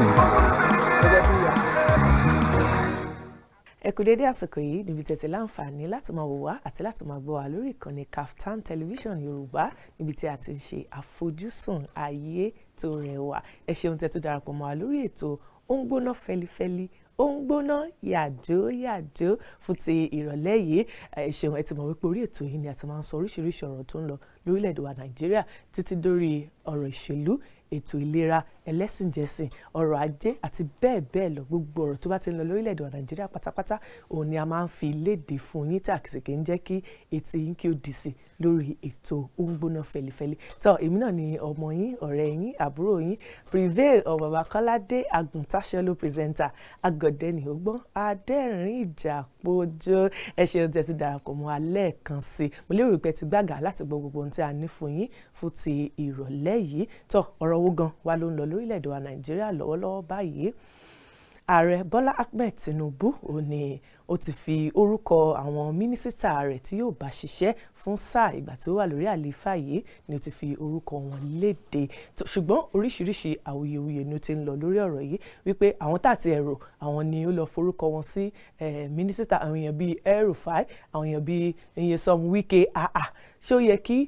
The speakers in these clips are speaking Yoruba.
sí i. ẹ kú dédé àsìkò yìí níbi tẹ̀sẹ̀ láǹfààní láti máa wò wá àti láti máa gbọ́ wa lórí ìkànnì Kaftan television yorùbá níbi tí a ti ń ṣe àfojúsùn ayé tó rẹwà ẹ ṣeun tẹ́ tó darapọ̀ mọ́ wa lórí ètò ó ń gbóná fẹlifẹli ó ń gbóná yàjó yàjó fún ti ìrọ̀lẹ́ yìí ẹ ṣeun ẹ ti mọ̀ wípé orí ètò yìí ni a ti máa ń sọ oríṣiríṣi ọ̀rọ̀ tó ń lọ lórílẹ̀‐èdè wa nàìjíríà títí dórí ọ̀rọ̀ ìṣèlú ètò ìlera ẹlẹ́sìnjẹsìn ọrọ̀ ajé àti bẹ́ẹ̀ bẹ́ẹ̀ lọ gbogbo ọ̀rọ̀ tó bá ti ń lọ lórílẹ̀‐èdè wa nàìjíríà pátápátá òun ni a máa ń fi léde fún yín tí àkìsìkì ń jẹ́ kí etí yín kí ó dì sí lórí ètò ó fẹlifẹli tó èmi náà ni ọmọ yín ọ̀rẹ́ yín àbúrò yín Prevail ọmọ babakọ́ládé aguntaṣẹ́lú pírẹsẹ́ńtà agọ̀dẹ́ni ògbọ́n adẹ́rìn ìjàpọ̀jọ ẹ ṣeun tẹ́ ti darapọ̀ mọ́ alẹ́ kan sí mo lérò pé ti gbàgà láti gbọ́ gbogbo ohun tí a ní fún yín fún ti ìrọ̀lẹ́ yìí tó ọ̀rọ̀ owó gan wa ló ń lọ lórílẹ̀‐èdè wa nàìjíríà lọ́wọ́lọ́wọ́ báyìí ààrẹ bọ́lá ahmed tinubu ò ní ó ti fi orúkọ àwọn mínísítà rẹ̀ tí yóò bá ṣiṣẹ́ fún sáà ìgbà tí ó wà lórí àlééfà yìí ni ó ti fi orúkọ wọn léde ṣùgbọ́n oríṣiríṣi awuyewuye ni ó ti ń lọ lórí ọ̀rọ̀ yìí wípé àwọn tààtì ẹ̀rọ àwọn ni ó lọ forúkọ wọn sí eh, mínísítà àwọn èèyàn bíi El Rufai àwọn èèyàn bíi Nyesom Wike àà ṣé ó yẹ kí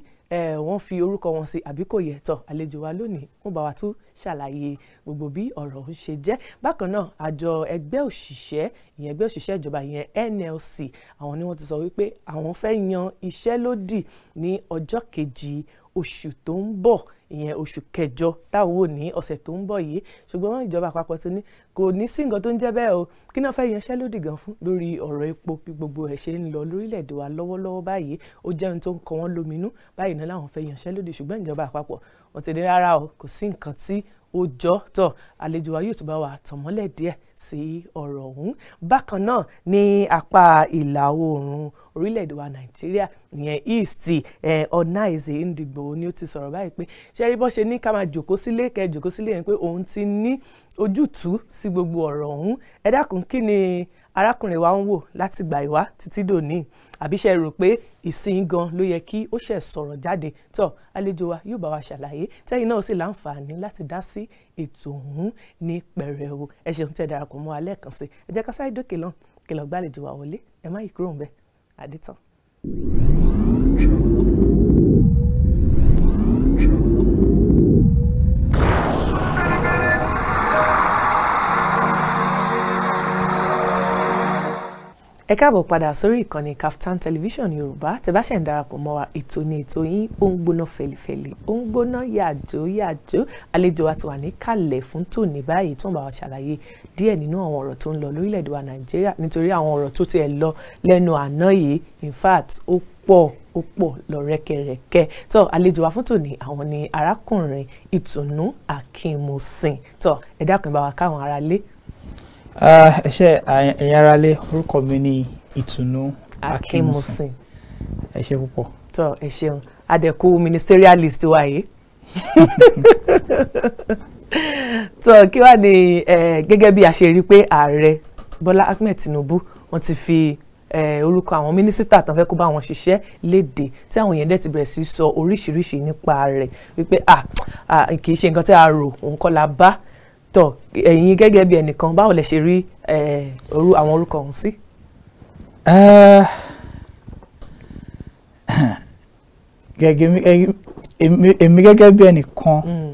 wọ́n fi orúkọ wọn sí àbí kò yẹ tọ́ àlejò wa lónìí wọ́n bá wa tún ṣàlàyé gbogbo bí ọ̀rọ̀ ń ṣe jẹ́ bákan náà àjọ ẹgbẹ́ òṣìṣẹ́ ìyẹn ẹgbẹ́ òṣìṣẹ́ ìjọba ìyẹn NLC àwọn ni wọ́n ti sọ wípé àwọn fẹ́ yan iṣẹ́ lódì ní ọjọ́ kejì oṣù tó ń bọ̀ ìyẹn oṣù kẹjọ táwọn ò ní ọ̀sẹ̀ tó ń bọ̀ yìí ṣùgbọ́n ìjọba àpapọ̀ ti ní kò ní sí nǹkan tó ń jẹ́ bẹ́ẹ̀ o kí náà fẹ́ yanṣẹ́lódì gan fún lórí ọ̀rọ̀ epo bí gbogbo ẹ̀ ṣe ń lọ lórílẹ̀‐èdè wa lọ́wọ́lọ́wọ́ báyìí ó jẹ́ ohun tó ń kọ wọ́n lóminú báyìí náà làwọn fẹ́ yanṣẹ́lódì ṣùgbọ́n ìjọba àpapọ̀ wọn ti ní rárá o kò sí nǹkan tí ó jọ tọ àlejò wa yóò tún bá wa tàn díẹ̀ sí ọ̀rọ̀ ọ̀hún bákan náà ní apá ìlà oòrùn orílẹ̀-èdè wa nàìjíríà ìyẹn east ọ̀nàìzè eh, ndigbo ni ó ti sọ̀rọ̀ báyìí pé ṣe rí bó ṣe ní ká máa jòkó sílé kẹ́ jòkó sílé yẹn pé òun ti ní ojútùú sí gbogbo ọ̀rọ̀ ọ̀hún ẹ dákun kí ni arákùnrin wa ń wò láti gbà ìwá títí dòní àbí ṣe rò pé ìsìn gan ló yẹ kí ó ṣe sọ̀rọ̀ jáde tó àlejò wa yóò bá wa ṣàlàyé tẹ́yìn náà sì láǹfààní láti dá sí ètò ọ̀hún ní pẹ̀rẹ̀wò ẹ ṣeun tẹ́ darapọ̀ mọ́ alẹ́ kan sí ẹ jẹ́ ká sáré dókè lọ́n kí gbàlejò wa wọlé ẹ má yí kúrò ń bẹ́ẹ̀. À détente. ẹ káàbọ̀ padà sórí ìkànnì Kaftan television yorùbá tẹ́ bá ṣẹ̀ ń darapọ̀ mọ́ wa ètò ní ètò yín ó ń gbóná fẹlifẹli ó ń gbóná yàjó yàjó àlejò wa ti wà níkàlẹ̀ fún tòní báyìí tó ń bá wa ṣàlàyé díẹ̀ nínú àwọn ọ̀rọ̀ tó ń lọ lórílẹ̀‐èdè wa nàìjíríà nítorí àwọn ọ̀rọ̀ tó tiẹ̀ lọ lẹ́nu àná yìí in fact ó pọ̀ ó pọ̀ lọ rẹ́kẹrẹ́kẹ́ tó àlejò wa fún tòní àwọn ni arákùnrin ìtùnú akínmusin tó ẹ dákun bá wa káwọn aráalé Ah, ẹ ṣé ẹ̀yin aráalé orúkọ mi ni ìtùnú akínmùsìn ẹ ṣé púpọ̀. tọ ẹ ṣeun adẹ̀kú ministerial list wa yìí tọ kí wàá ní gẹ́gẹ́ bí a ṣe rí pé ààrẹ Bọ́lá Ahmed Tinubu wọ́n ti fi orúkọ àwọn mínísítà tán fẹ́ kó bá wọn ṣiṣẹ́ léde tí àwọn èèyàn dẹ̀ ti bẹ̀rẹ̀ sí sọ oríṣiríṣi nípa rẹ̀ wípé à kì í ṣe nǹkan tí a rò òun kọ́ la bá tọ ẹ̀yin gẹ́gẹ́ bí ẹnìkan báwo lẹ ṣe rí orú àwọn orúkọ ọ̀hún sí. èmi gẹ́gẹ́ bí ẹnìkan hmm.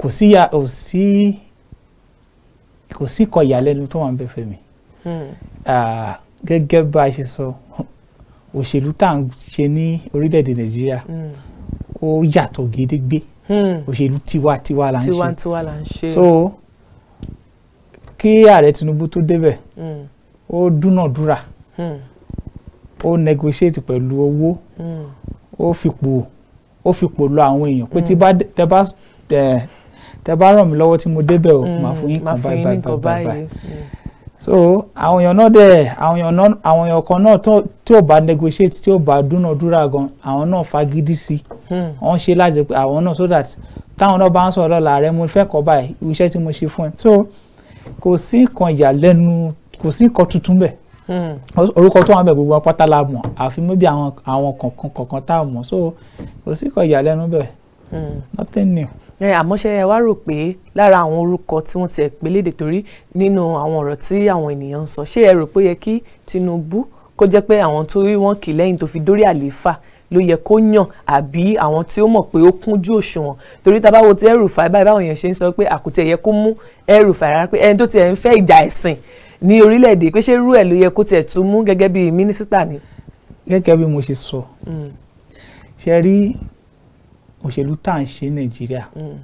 kò sí kò sí kò sí kọ ìyàlẹ́nu tó wà ń bẹ fẹ́ mi hmm. gẹ́gẹ́ bá a ṣe sọ òṣèlú tá à ń ṣe ní orílẹ̀-èdè Nàìjíríà hmm. ó yàtọ̀ gédégbé. Mm Hmm. òṣèlú tiwantiwa Tiwa, ń ṣe tiwantiwa là ń ṣe so kí ààrẹ Tinubu tó débẹ̀ hmm. ó dúnàdúrà hmm. ó negotiate pẹ̀lú owó ó fipò ó fipò lọ àwọn èèyàn pé tí bá tẹ bá tẹ bá ràn mí lọ́wọ́ tí mo débẹ̀ o màá fún yín kan báyìí báyìí báyìí so àwọn èèyàn náà dẹ̀ àwọn èèyàn náà àwọn èèyàn kan náà tí ò bá negotiate tí ò bá dúnàdúrà gan àwọn náà fagídí sí hmm. wọ́n ṣe láti pé àwọn náà so that táwọn náà bá ń sọ̀rọ̀ lọ́la rẹ mo fẹ́ kọ́ báyìí iṣẹ́ tí mo ṣe fún ẹ so kò sí nǹkan ìyàlẹ́nu kò sí nǹkan tuntun bẹ̀ hmm. orúkọ tó wà bẹ̀ gbogbo apáta la mọ̀ àfi mébí àwọn àwọn kọ̀ọ̀kan kọ̀ọ̀kan tá a mọ̀ so kò sí nǹkan ìyàlẹ́nu bẹ̀ hmm. nothing new ẹ àmọ́ ṣé ẹ wá rò pé lára àwọn orúkọ tí wọ́n ti ẹ̀ pé léde torí nínú àwọn ọ̀rọ̀ tí àwọn ènìyàn ń sọ ṣé ẹ rò pé yẹ kí Tinubu kó jẹ́ pé àwọn tó rí wọn kì lẹ́yìn tó fi dórí àlééfà ló yẹ kó yàn àbí àwọn tí ó mọ̀ pé ó kúnjú òṣùwọ̀n torí tá a bá wo ti El-Rufai báyìí báwọn èèyàn ṣe ń sọ pé àkùtẹ̀ yẹ kó mú El-Rufai rárá pé ẹni tó tiẹ̀ ń fẹ́ ìjà ẹ̀sìn ní orílẹ̀-èdè pé ṣé irú ẹ̀ ló yẹ kó tiẹ̀ tún mú gẹ́gẹ́ bí mínísítà ni. gẹ́gẹ́ bí mo ṣe sọ mm. ṣe rí òṣèlú tá à ń ṣe nàìjíríà mm.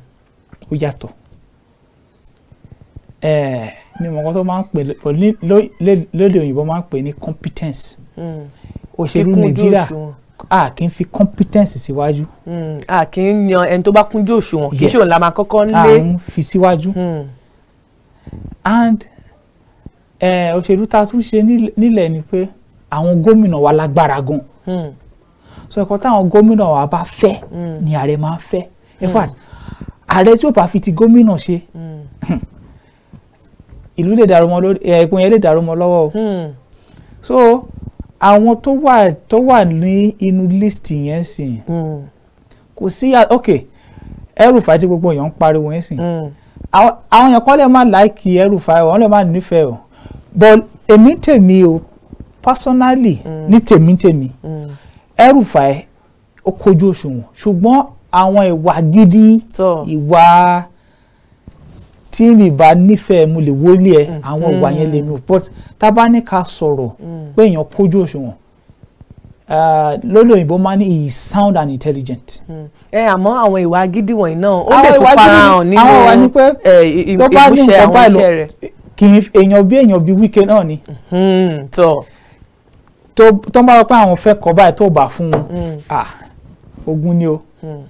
ó yàtọ̀ ní mọ̀kọ́ tó máa ń pè lóde òyìnbó máa ń pè ní competence mm. òṣèlú nàìjíríà a kì í fi competence síwájú. Mm. a kì í yan ẹni tó bá kúnjú òṣùwọ̀n kì í ṣòro la máa kọ́kọ́ lé. à ń fi síwájú. and òṣèlú tá a tún ṣe nílẹ̀ ni pé àwọn gómìnà wa lágbára gan so ẹ̀kọ́ táwọn gómìnà wa bá fẹ́ mm. ni ààrẹ máa ń fẹ́ in mm. fact ààrẹ tí ó bá fi ti gómìnà ṣe mm. ìlú lè dàrú lórí ẹ̀ẹ́pọ̀ yẹn lè dàrú mọ́ o so àwọn tó wà tó wà ní inú list yẹn sìn kò sí ok ẹrùfà tí gbogbo èèyàn ń pariwo yẹn sìn àwọn èèyàn kọ́ lè má láìkì ẹrùfà ẹ̀ wọ́n lè má nífẹ̀ẹ́ o but èmi tèmi o personally ní tèmi tèmi. Mm. El-Rufai ó kojú òṣùwọ̀n ṣùgbọ́n àwọn ìwà gidi ìwà tí mi bá nífẹ̀ẹ́ mo lè wọlé ẹ mm. àwọn ìwà yẹn lè mi mm. but tá ní ká sọ̀rọ̀ mm. pé èèyàn kojú òṣùwọ̀n lọ́lọ́ òyìnbó máa ní he sound and intelligent. ẹ àmọ́ àwọn ìwà gidi wọ̀nyí náà ó lè tún fara hàn nínú ìmúṣẹ àwọn iṣẹ́ rẹ̀. kì í èèyàn bí èèyàn bí wíkẹ́ náà ni. Mm-hmm, tọ́ tó tó ń bá wọ pé àwọn fẹ́ kọ́ báyìí tó bá fún wọn ah ogun ni o hmm.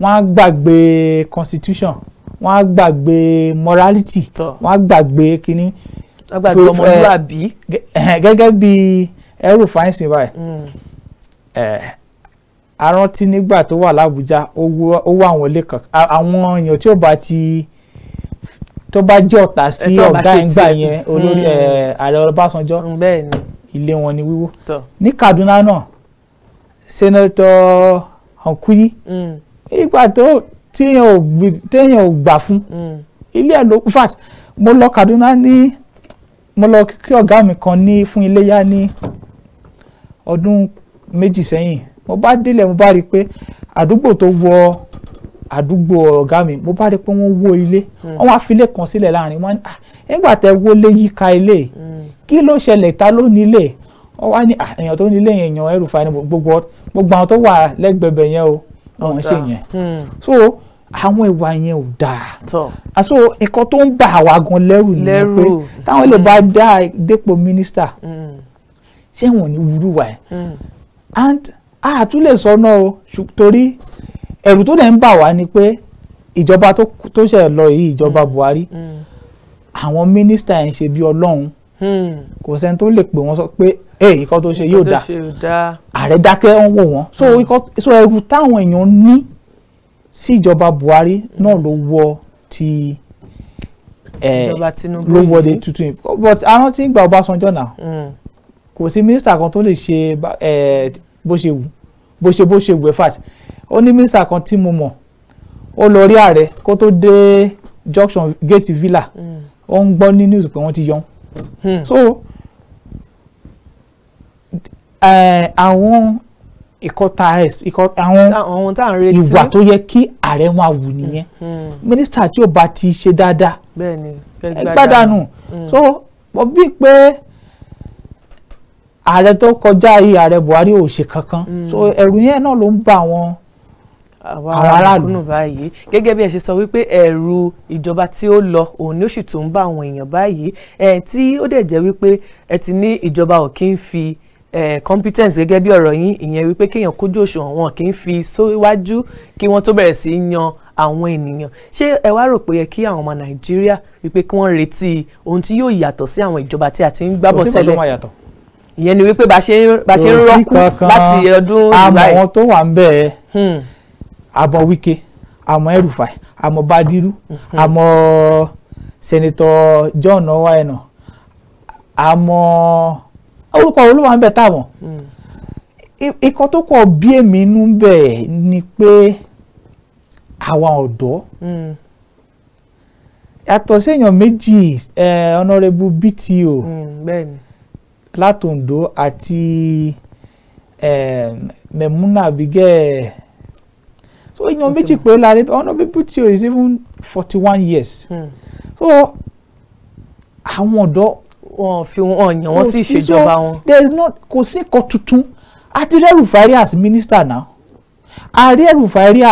wọ́n á gbàgbé constitution wọ́n á gbàgbé morality wọ́n á gbàgbé kínní. wọ́n gbàgbé ọmọlúwàbí. gẹ́gẹ́ bí ẹrù fáyínsì báyìí hmm. arántí nígbà tó wà lábújá ó wá àwọn ilé kan àwọn èèyàn tí ó bá ti tó bá jẹ́ ọ̀tá sí ọ̀gá ìgbà yẹn olórí ààrẹ Ọbásanjọ́ ilé wọn ni wíwó ní Kaduna náà senator Ankuri mm. ìgbà tó téèyàn ò gbà fún mm. ilé ẹ̀ ló in mo lọ Kaduna ní mo lọ kí ọ̀gá mi kan ní fún iléyá ní ọdún méjì sẹ́yìn mo bá délẹ̀ mo bá rí i pé àdúgbò tó wọ àdúgbò ọ̀gá mi mo bá rí pé wọ́n wó ilé hmm. wọ́n wá filé kan sílẹ̀ láàrin wọn ah, nígbà tẹ wọlé yíká ilé hmm. kí ló ṣẹlẹ̀ ta ló nílé wọ́n wá ní ah, èèyàn tó nílé yẹn èèyàn ẹrù fani gbogbo gbogbo àwọn tó wà lẹ́gbẹ̀bẹ̀ yẹn o wọ́n ṣe yẹn hmm. so àwọn ìwà yẹn ò dáa àso ah, nǹkan tó ń bà wá gan lẹ́rù nìyẹn pé táwọn lè bá dá dépò mínísítà ṣé wọn ò ní wúrú wa ẹ̀ and àtúlẹ̀ sọ náà o torí ẹ̀rù tó dẹ̀ ń bà wá ni pé ìjọba tó ṣẹ̀ lọ yìí ìjọba hmm. Buhari hmm. àwọn mínísítà ẹ̀ ń ṣe bí ọlọ́run hmm. kò sẹ́ni tó lè pè wọ́n sọ pé ee ikọ́ tó ṣe yóò dáa ààrẹ dákẹ́ ń wò wọ́n so ẹ̀rù táwọn èèyàn ní sí ìjọba Buhari náà ló wọ ti ló de tuntun but arántí ìgbà Ọbásanjọ́ náà kò sí mínísítà kan tó lè ṣe bó ṣe wù bó ṣe bó ṣe wẹ̀ fàt ó ní mínísítà kan tí mo mọ̀ ó lọ rí ààrẹ kó tó dé junction gate villa hmm. ó ń gbọ́ ní news pé wọ́n ti yan hmm. so eh, àwọn ìkọta àwọn ìwà tó yẹ kí ààrẹ wọn àwù hmm. nìyẹn mínísítà tí ó bá ti ṣe dáadáa gbádànù so bí pé ààrẹ tó kọjá yìí ààrẹ Buhari ò ṣe kankan hmm. so ẹ̀rù yẹn náà ló ń bà wọ́n àwọn aráàlú báyìí gẹ́gẹ́ bí ẹ ṣe sọ wípé ẹ̀rù ìjọba tí ó lọ òun ni ó sì tún ń bá àwọn èèyàn báyìí ẹ̀ tí ó dẹ̀ jẹ́ wípé ẹ ti ní ìjọba ò kí ń fi competence gẹ́gẹ́ bí ọ̀rọ̀ yín ìyẹn wípé kéèyàn kójú òṣùwọ̀n wọn kì í fi síwájú kí wọ́n tó bẹ̀rẹ̀ sí í yan àwọn ènìyàn ṣé ẹ wá rò pé yẹ kí àwọn ọmọ Nàìjíríà wípé kí wọ́n retí ohun tí yóò yàtọ̀ sí àwọn ìjọba tí a ti ń gbábọ̀ tẹ́lẹ̀ ìyẹn ni wípé bá ṣe ń rọ́kù láti ọdún ìgbà yìí. àmọ́ wọn tó wà ń bẹ̀ ẹ́ àmọ́ Wike àmọ́ El-Rufai Badiru hmm. àmọ́ sẹ́nitọ́ John Owaena àmọ́ orúkọ olówó à ń bẹ̀ táwọn hmm. ikọ̀ tó kọ̀ bí èmi inú bẹ̀ ni pé àwa ọ̀dọ́ hmm. yàtọ̀ sí èèyàn méjì eh, honorable BTO. Mm, látòǹdó àti eh, mẹ̀múnà àbígẹ́ so èèyàn méjì pé láre honourable tio is even forty one years hmm. so àwọn ọ̀dọ́. wọn fi wọn yàn wọn sí ìṣèjọba wọn. there is not kò sí nǹkan tuntun àti rẹ́rù as minister now àrí ẹ̀rù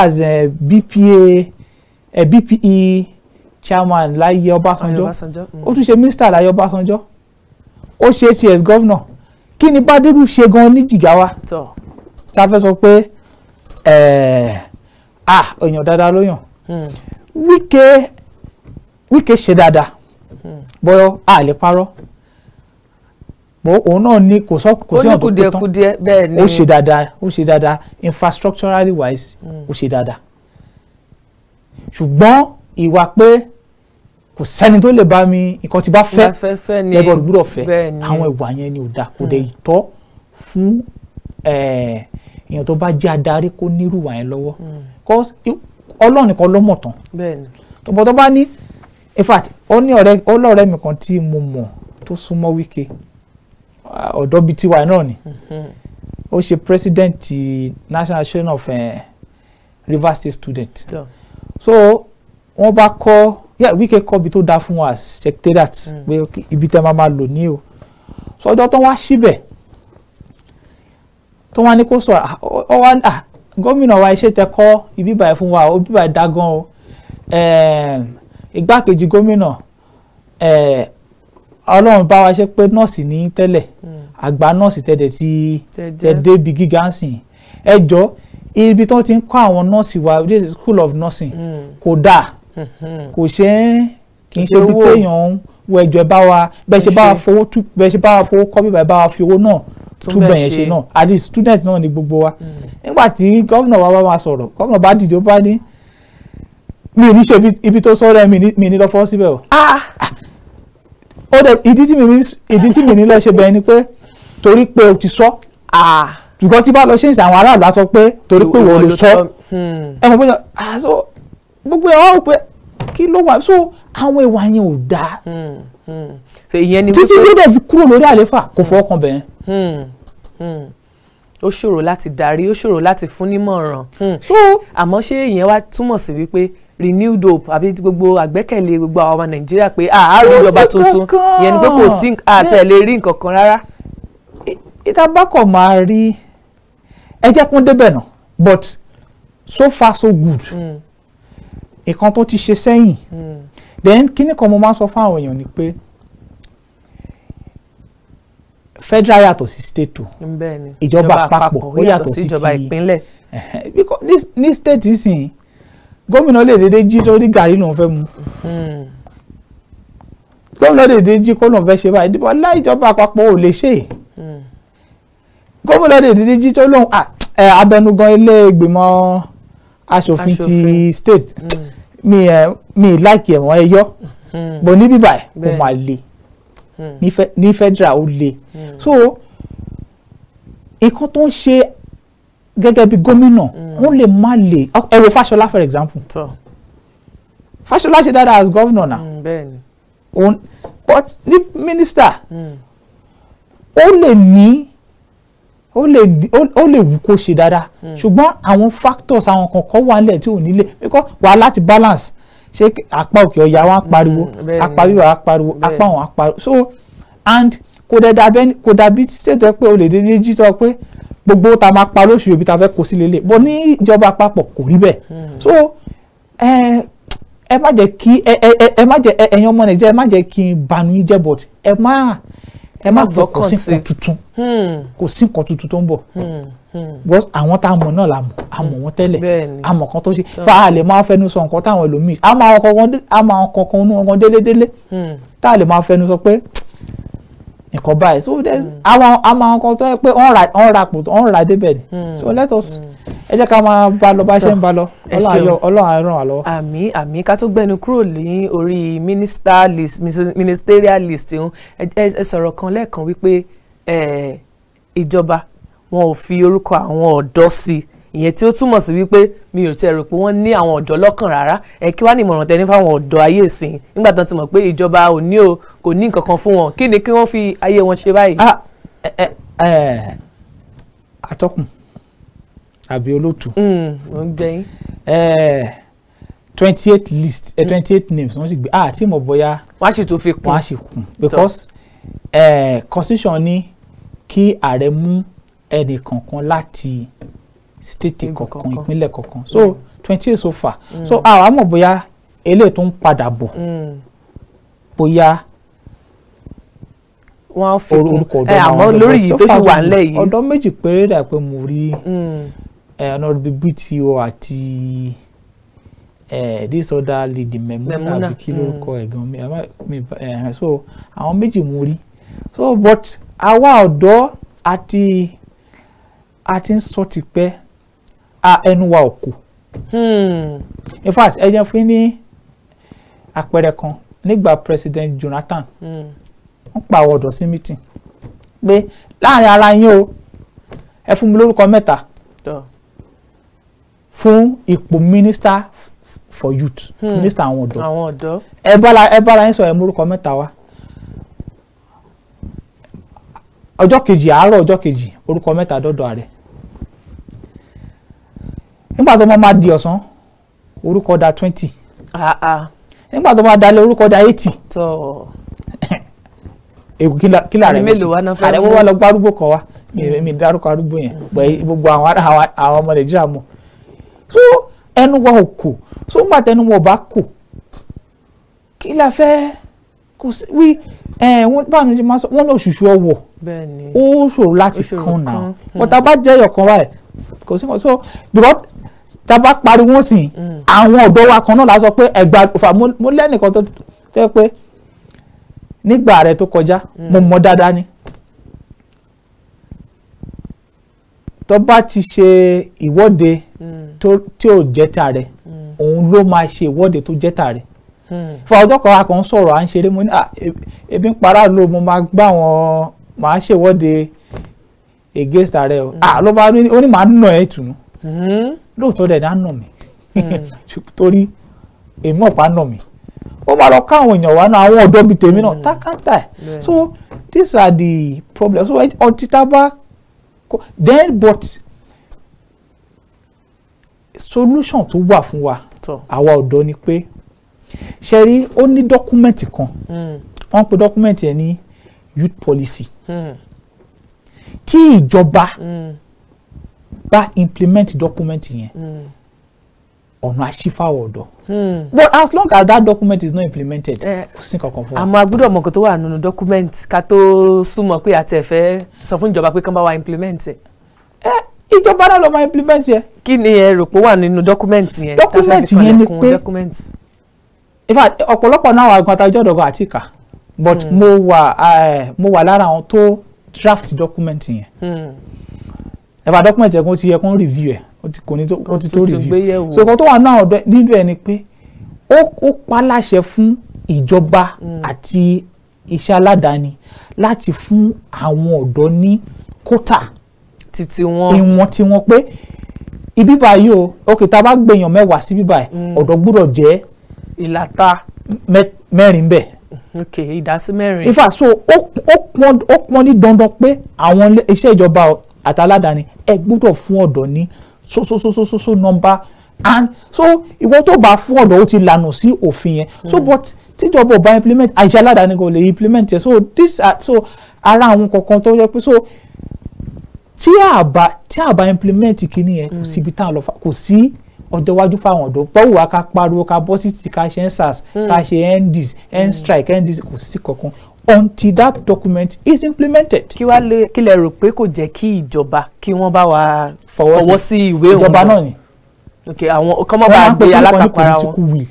as uh, eh, BPA uh, eh, BPE chairman láyé Ọbásanjọ́ hmm. ó tún ṣe minister láyé Ọbásanjọ́ ó ṣe é ṣe as governor kí ni bádébù ṣe gan ní Jigawa tá a fẹ́ sọ pé eh, ah, èèyàn dáadáa ló yàn hmm. Wike Wike ṣe dáadáa hmm. bọ́yọ́ a lè parọ́ bọ́ òun náà ni kò sọ kò sí ọ̀dọ́ tó tán ó ṣe dáadáa ó ṣe dáadáa infrastructurally wise hmm. ó ṣe dáadáa ṣùgbọ́n ìwà pé kò sẹ́ni tó lè bá mi nǹkan tí bá fẹ́ lẹ́bọ̀ gbúdọ̀ fẹ́ àwọn ìwà yẹn ni ò dáa kò hmm. dẹ̀ tọ́ fún èèyàn tó bá jẹ́ adarí kó nírú ìwà yẹn lọ́wọ́ hmm. ọlọ́run nìkan ló mọ̀ tán tọ́pọ̀ tó bá ní in fact ó ní ọlọ́ọ̀rẹ́ mi kan tí mo mọ̀ tó súnmọ́ Wike ọ̀dọ́ bíi tiwa náà ni hmm. ó ṣe president eh, national association of uh, eh, Rivers State student so wọ́n bá kọ́ yeah wike kọ́ ibi tó dáa fún wa secretariat hmm. pé ibi tẹ́ máa máa lò ní o sọjọ́ tó wá síbẹ̀ tó wá ní kó sọ̀rọ̀ ah, ọ wá ní ah, gómìnà wa iṣẹ́ tẹ kọ́ ibi báyìí fún wa ibi báyìí dá gan o ehm, igbákejì gómìnà eh, ọlọ́run bá wa ṣe pé nọ́ọ̀sì ní tẹ́lẹ̀ hmm. àgbà nọ́ọ̀sì tẹ̀dẹ̀ ti tẹ̀ débi gíga ń sìn ẹjọ́ ibi tí ti ń kọ́ àwọn nọ́ọ̀sì wa school of nursing hmm. kò dáa kò ṣe é kì í ṣe bí kéèyàn wọ ẹjọ ẹ bá wa bẹ́ẹ̀ ṣe bá wa fowó tú bẹ́ẹ̀ ṣe bá wa fowó kọ́ bíbẹ̀ bá wa fi owó náà tún bẹ̀ yẹn ṣe náà at least student náà ni gbogbo wa hmm. nígbà tí gómìnà wa bá máa sọ̀rọ̀ gómìnà bá dìde ó bá ní mi ò ní ṣe ibi tó sọ̀rọ̀ ẹ̀ mi ní lọ fọ́ síbẹ̀ o. Ah! ìdí tí mi ní lọ ṣe bẹ́ẹ̀ ni pé torí pé o ti sọ ah! ṣùgbọ́n tí bá lọ ṣe ń sàn aráàlú á sọ pé torí pé wọ́n lè sọ hmm. ẹ̀ mọ̀ bóyá ah, gbogbo ẹ̀ wá wò pé kí ló wà so àwọn ìwà yẹn ò dáa hmm, hmm. títí yóò dẹ̀ fi kúrò lórí àléfà kò hmm. fọwọ́ kan bẹ́ẹ̀ ó ṣòro láti darí ó ṣòro láti fún nímọ̀ràn àmọ́ ṣé ìyẹn wá túmọ̀ sí wípé renewed hope àbí gbogbo àgbẹ́kẹ̀lé gbogbo àwọn ọmọ nàìjíríà pé àárò ìjọba tuntun ìyẹn ni pé kò sí àtẹ̀lé rí nǹkan kan rárá. ìtàbákọ̀ máa rí ẹjẹ́ kún débẹ̀ náà but so far so good. Mm nǹkan tó ti ṣe sẹ́yìn hmm. then kíní kan mo máa ń sọ fún àwọn èèyàn ni pé federal yàtọ̀ sí state o ìjọba àpapọ̀ ó yàtọ̀ sí ìjọba ìpínlẹ̀ because ní state ìsìn gómìnà lè dédé jí lórí gàrí lòun fẹ́ mu hmm. gómìnà lè dédé jí kó lòun fẹ́ ṣe báyìí ìdìbò aláìjọba àpapọ̀ ò lè ṣe hmm. gómìnà lè dédé jí tó lòun abẹnugan ilé ìgbìmọ̀ aṣòfin ti state mm. mi ẹ eh, mi like ẹ̀wọ̀n ẹ yọ mm. bọ̀ ní bíbà ẹ̀ kò máa le mm. ní federal ó le so nǹkan tó ń ṣe gẹ́gẹ́ bí gómìnà wọ́n lè má le ẹ wo Fáṣọlá for example Fáṣọlá ṣe dáadáa as governor na but ní minister ó lè ní ó lè ó lè wù kó ṣe dáadáa hmm. ṣùgbọ́n àwọn factors àwọn kankan wà nílẹ̀ tí ò nílẹ̀ because wà láti balance ṣé apá òkè ọ̀yà wa pariwo hmm, apá wíwà pariwo apá òun pariwo so and kò dẹ̀ dàbẹ́ kò dàbí state ẹ pé o lè dédé jí tọ́ pé gbogbo ta máa pa lóṣù ibi ta fẹ́ kó sí lélẹ̀ bọ́ ní ìjọba àpapọ̀ kò rí bẹ́ẹ̀ hmm. so ẹ má jẹ́ kí ẹ má jẹ́ ẹ̀yin ọmọ nàìjíríà ẹ má jẹ́ kí n bànú yín ẹ má ẹ má fọkàn sí nǹkan tuntun Hmm. kò sí nǹkan tuntun tó ń bọ̀ hmm, hmm. because àwọn tá a mọ̀ náà la mọ̀ a mọ̀ wọ́n tẹ́lẹ̀ a mọ̀ kan tó ṣe fa àlè máa fẹnu sọ nǹkan táwọn ẹlòmíì a máa kankan inú wọn délédélé tá a lè máa fẹnu sọ pé nǹkan báyìí so there's àwọn àwọn nǹkan tó yẹ pé ọ̀n ra pò ọ̀n ra débẹ̀ ni so let us ẹ jẹ́ ká máa bá lọ bá ṣe ń bá lọ ọlọ́run á ràn wá lọ́wọ́. àmì àmì ká tó gbẹnu kúrò ní orí minister list ministerial list ẹ sọ̀rọ̀ kan lẹ́ẹ̀kan wípé Eh, ìjọba wọn ò fi orúkọ àwọn ọ̀dọ́ sí i ìyẹn tí ó túmọ̀ sí wípé mi ò tẹ̀ rò pé wọ́n ní àwọn ọ̀dọ́ lọ́kàn rárá ẹ kí wá ní ìmọ̀ràn tẹni fáwọn ọ̀dọ́ ayé ìsìn nígbà tán ti mọ̀ pé ìjọba ò ní o kò ní nǹkan kan fún wọn kí ni kí wọ́n fi ayé wọn ṣe báyìí. Ah, eh, eh, atọ́kùn àbí olótù. Hmm, twenty eight list twenty eight names wọ́n sì gbé ah tí mo bọ́yá. wọ́n á sì tún fi kún. wọ́n á sì kún because. Talk eh, constitution ní kí ààrẹ mú ẹnì kọ̀ọ̀kan láti state kọ̀ọ̀kan ìpínlẹ̀ kọ̀ọ̀kan so mm. twenty eight so far mm. so àwa mọ̀ bóyá eléyìí tó ń padà bọ̀ mm. bóyá wọ́n fi kún orúkọ ọ̀dọ́ náà àmọ́ lórí yìí tó sì wà ńlẹ̀ yìí ọ̀dọ́ méjì péré dà pé mo rí mm. eh, honorable bto àti eh, this other lady Memuna àbí kí lórúkọ mm. ẹ̀gàn mi eh, so àwọn méjì mú rí so but àwa ọ̀dọ́ àti àti ń sọ tipẹ́ ẹnu wa ò kù hmm. in fact ẹ jẹ́ fún ní àpẹẹrẹ kan nígbà president Jonathan hmm. wọ́n pa àwọn ọ̀dọ́ sí meeting pé láàrin ara yín o ẹ fún mi lórúkọ mẹ́ta fún ipò minister for youth hmm. minister awon odo awon odo e bala e bala yin meta wa ojo keji aro ojo keji oruko meta dodo are nipa to mo ma di osan oruko da 20 ah ah nipa to ma da oruko da 80 to ego kila kila re mi lo wa na wa lo gbarugbo ko wa mi mi daruko arugbo yen gbogbo awa ara awon mo le jira mo so enu oko so ńgbà tẹnu wọn bá kò kí la fẹ́ kò sí wí wọ́n bá ní ma sọ wọ́n ní òṣùṣù ọwọ́ ó ṣòro láti kàn náà wọ́n ta bá jẹ́ ẹ̀yọ̀kan báyìí kò sí wọn so because ta bá pariwo sí mm. àwọn ọ̀dọ́ wa kan náà la sọ pé ẹ̀gbà òfà mo lẹ́nìkan tó tẹ́ pé nígbà rẹ tó kọjá mo mm. mọ dáadáa ni tó bá ti ṣe ìwọ́de mm. tí ò jẹ́ ta rẹ̀ òun ló máa ṣe ìwọ́de tó jẹ́ tààrí hmm. fún ọjọ́ kan a kàn ń sọ̀rọ̀ à ń ṣeré mo ní e, ebi ń para ló mo máa gbá wọn máa ṣèwọ́de against ààrẹ o hmm. ló bá ó ní màá nà ẹ́ tùnú hmm. lóòótọ́ dẹ̀ dá nà mí torí èmi ọ̀pá nà mí ó máa lọ káwọn èèyàn wá náà àwọn ọ̀dọ́ bíi tèmi náà tákàtà ẹ̀ so these are the problems so ọtí tábà then but solution tó wà fún wa àwa ọ̀dọ́ ni pé ṣe rí ó ní dọ́kúmẹ̀ntì kan hmm. wọ́n pe dọ́kúmẹ̀ntì ẹ̀ ní youth policy hmm. tí ìjọba hmm. bá implement document yẹn ọ̀nà àṣìfàwọ̀ ọ̀dọ̀ but as long as that document is not implemented eh, kò sí kankan fún wa. àmọ́ a mọ̀ nǹkan tó wà nínú document ká tó súnmọ́ pé àti ẹ̀fẹ́ sọ fún ìjọba pé kán bá wa implement ẹ̀. Eh, ìjọba náà ló máa implement yẹn. kí ni ẹ rò pé wà nínú dọ́kúmẹ́ǹtì yẹn dọ́kúmẹ́ǹtì yẹn ni pé in fact ọ̀pọ̀lọpọ̀ náà àwọn àgbàtà ọjọ́ ọ̀dọ̀gọ̀ àti ìkà but hmm. mo wà eh, mo wà lára àwọn tó draft dọ́kúmẹ́ǹtì yẹn ẹ̀fà dọ́kúmẹ̀ntì ẹ̀kún ti yẹ kó ń review ẹ̀ kò ní ó ti tó review so kò tó wà náà nínú ẹ̀ ni pé ó pa láṣẹ fún ìjọba hmm. àti iṣẹ́ aládàáni láti fún àwọn ọ̀dọ́ ní kótà títí wọn ìwọ̀n tí wọ́n pé ibi báyìí o ok tá a bá gbèyàn mẹ́wàá sí bíbáyìí mm. ọ̀dọ̀ gbúdọ̀ jẹ́ ìlàta mẹ́rin bẹ́ẹ̀ mm-hmm, ok ìdásí mẹ́rin. ifá so ó pọn ní dandan pé àwọn iṣẹ́ ìjọba àtàládàáni ẹ gbúdọ̀ fún ọ̀dọ́ ní so so so so so so number and so ìwọ tó bá fún ọ̀dọ́ ó ti lànà sí òfin yẹn so mm. but tíjọba ò implement àìṣe aládàáni kò lè implement yẹn so this so ara àwọn kankan tó yẹ pé so tí a bá tí a bá implement kínní yẹn kò mm. síbi tá a lọ kò sí ọjọ́ iwájú fáwọn ọ̀dọ́ pọ́wù wa ká pariwo ká bọ́ sí ti ká ṣe endsars mm. ká ṣe endis end strike endis kò sí kankan until that document is implemented. kí wàá lè kí lè rò pé kò jẹ́ kí ìjọba kí wọ́n bá wa fọwọ́ sí ìwé òun ìjọba náà ni. ok àwọn kọ́mọ́ bá gbé alátakò wọn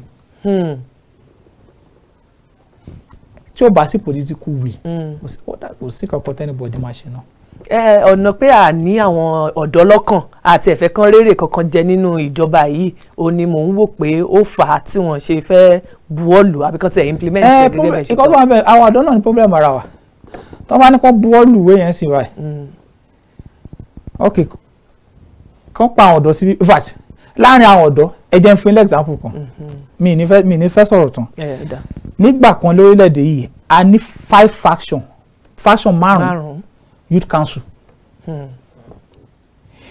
hmm. tí ó bá sí political will hmm. kò sí kankan tẹ́nibọ̀dì máa ṣe náà ọ̀nà pé a ní àwọn ọ̀dọ́ lọ́kàn àti ẹ̀fẹ́ kan rere kankan jẹ nínú ìjọba yìí o ní mò ń wò pé ó fà á tí wọ́n ṣe fẹ́ buwọ́lù àbí kan tẹ̀ implement ẹ̀ eh, gẹ́gẹ́ bẹ́ẹ̀ ṣe sọ. ìkọ́sọ́ wọn bẹ̀rẹ̀ àwọn ọ̀dọ́ náà ní problem ara wa tó bá ní kó buwọ́lù wé yẹn sì wáyé mm. ok kó pa àwọn ọ̀dọ́ síbi vat láàrin àwọn ọ̀dọ́ ẹ jẹ́ n fún ilé example kan mm-hmm. mi ní fẹ́ sọ̀rọ̀ tán eh, nígbà kan lórílẹ̀‐èdè yìí a ní five faction faction márùn-ún youth council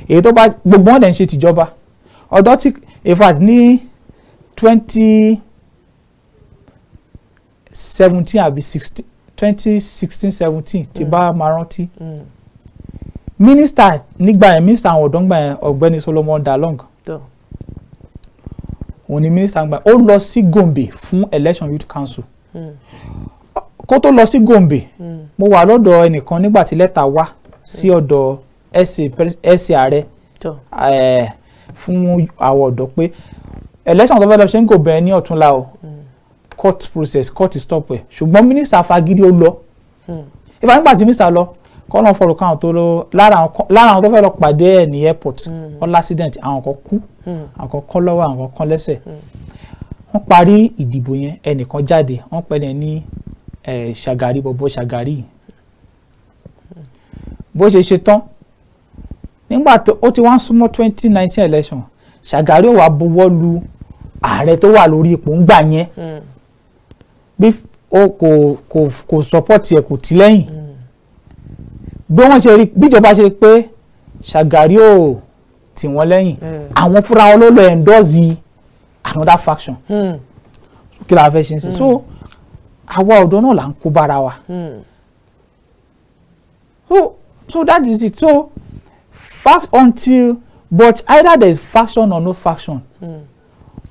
èyí tó bá gbogbo wọn dẹ̀ ń ṣe tìjọba ọ̀dọ́ tí in ní twenty seventeen àbí sixteen twenty sixteen seventeen ti bá mm. máa rántí mm. mínísítà nígbà yẹn mínísítà àwọn ọ̀dọ́ ńgbà yẹn ọ̀gbẹ́ni Solomon Dalong òun ni mínísítà ńgbà ó lọ sí Gombe fún election youth council mm kó tó lọ sí Gombe hmm. mo wà lọ́dọ̀ ẹnìkan nígbà tí lẹ́tà wá sí hmm. ọ̀dọ̀ ẹ̀sìn ààrẹ eh, fún àwọn ọ̀dọ́ pé election tó fẹ́ lọ ṣe ń gòbẹ̀ ní o hmm. court process court stop ẹ̀ ṣùgbọ́n mínísítà fagídí ó lọ ìfà nígbà tí mínísítà lọ kọ́nà fọ̀rọ̀ káwọn tó lọ lára àwọn tó fẹ́ lọ pàdé ẹ̀ ní airport all accident àwọn kan kú àwọn kan kán lọ́wọ́ àwọn kan kán lẹ́sẹ̀ wọ́n parí ìdìbò yẹn ẹnìkan jáde wọ́n pẹ́ ní ṣàgàrí bọ̀bọ̀ ṣàgàrí bó ṣe ṣe tán nígbà tó ó ti wá ń súnmọ́ twenty nineteen election ṣàgàrí ò wá buwọ́ lu ààrẹ tó wà lórí ipò ń gbà yẹn hmm. bí o kò kò kò support ẹ kò tì lẹ́yìn hmm. bí wọ́n ṣe rí bíjọba ṣe pé ṣàgàrí ò tì wọ́n lẹ́yìn hmm. àwọn fúnra wọn ló lọ endorse another faction kí la fẹ́ ṣe ń sè so. Mm àwa ọ̀dọ́ náà là ń kó bára wa. Hmm. so so that is it so fact until but either there is faction or no faction hmm.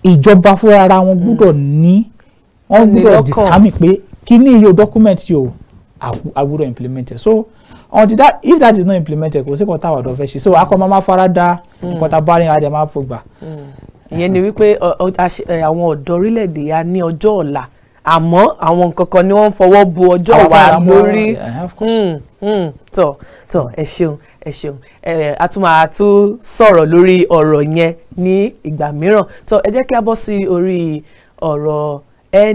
ìjọba fúnra ara wọn hmm. gbúdọ̀ ní wọn gbúdọ̀ determine pé kí ni iye document yóò agbúdọ̀ implement it so until that if that is not implemented kò sí kan táwọn ọ̀dọ́ fẹ́ ṣe so akọ máa fara da nǹkan tá a bá rìn adé máa fò gbà. ìyẹn ni wípé àwọn ọ̀dọ́ orílẹ̀-èdè a ní ọjọ́ ọ̀la àmọ́ àwọn nǹkan kan ni wọ́n ń fọwọ́ bo ọjọ́ wa lórí tọ̀ hmm, hmm. tọ̀ ẹ ṣeun ẹ ṣeun a tún máa tún sọ̀rọ̀ lórí ọ̀rọ̀ yẹn ní ìgbà mìíràn tọ̀ ẹ jẹ́ kí a bọ́ sí orí ọ̀rọ̀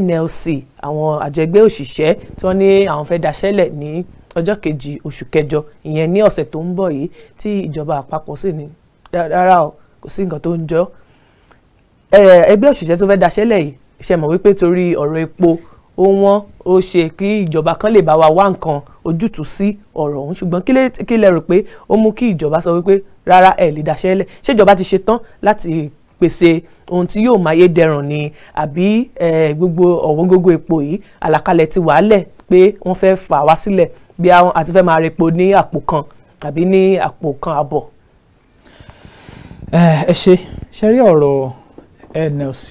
NLC àwọn àjọ ẹgbẹ́ òṣìṣẹ́ tí wọ́n ní àwọn fẹ́ daṣẹ́lẹ̀ ní ọjọ́ kejì oṣù kẹjọ ìyẹn ní ọ̀sẹ̀ tó ń bọ̀ yìí tí ìjọba àpapọ̀ sì ní rárá o kò sí nǹkan tó ń jọ ẹgbẹ́ òṣìṣẹ́ tó fẹ́ daṣẹ́lẹ̀ yìí ṣe mọ̀ wípé torí ọ̀rọ̀ epo ó wọ́n ó ṣe kí ìjọba kan lè bá wa wá nǹkan ojútùú sí ọ̀rọ̀ ọ̀hún ṣùgbọ́n kí lẹ rò pé ó mú kí ìjọba sọ wípé rárá ẹ̀ lè dáṣẹ́ lẹ̀ ṣèjọba ti ṣe tán láti pèsè ohun tí yóò máa yé dẹrùn ni àbí gbogbo ọ̀wọ́n gógó epo yìí àlàkalẹ̀ ti wà á lẹ̀ pé wọ́n fẹ́ fà wá sílẹ̀ bí a ti fẹ́ máa repo ní àpò kan àbí ní àpò kan àbọ̀. ẹ ṣe ṣe rí ọ̀rọ̀ NLC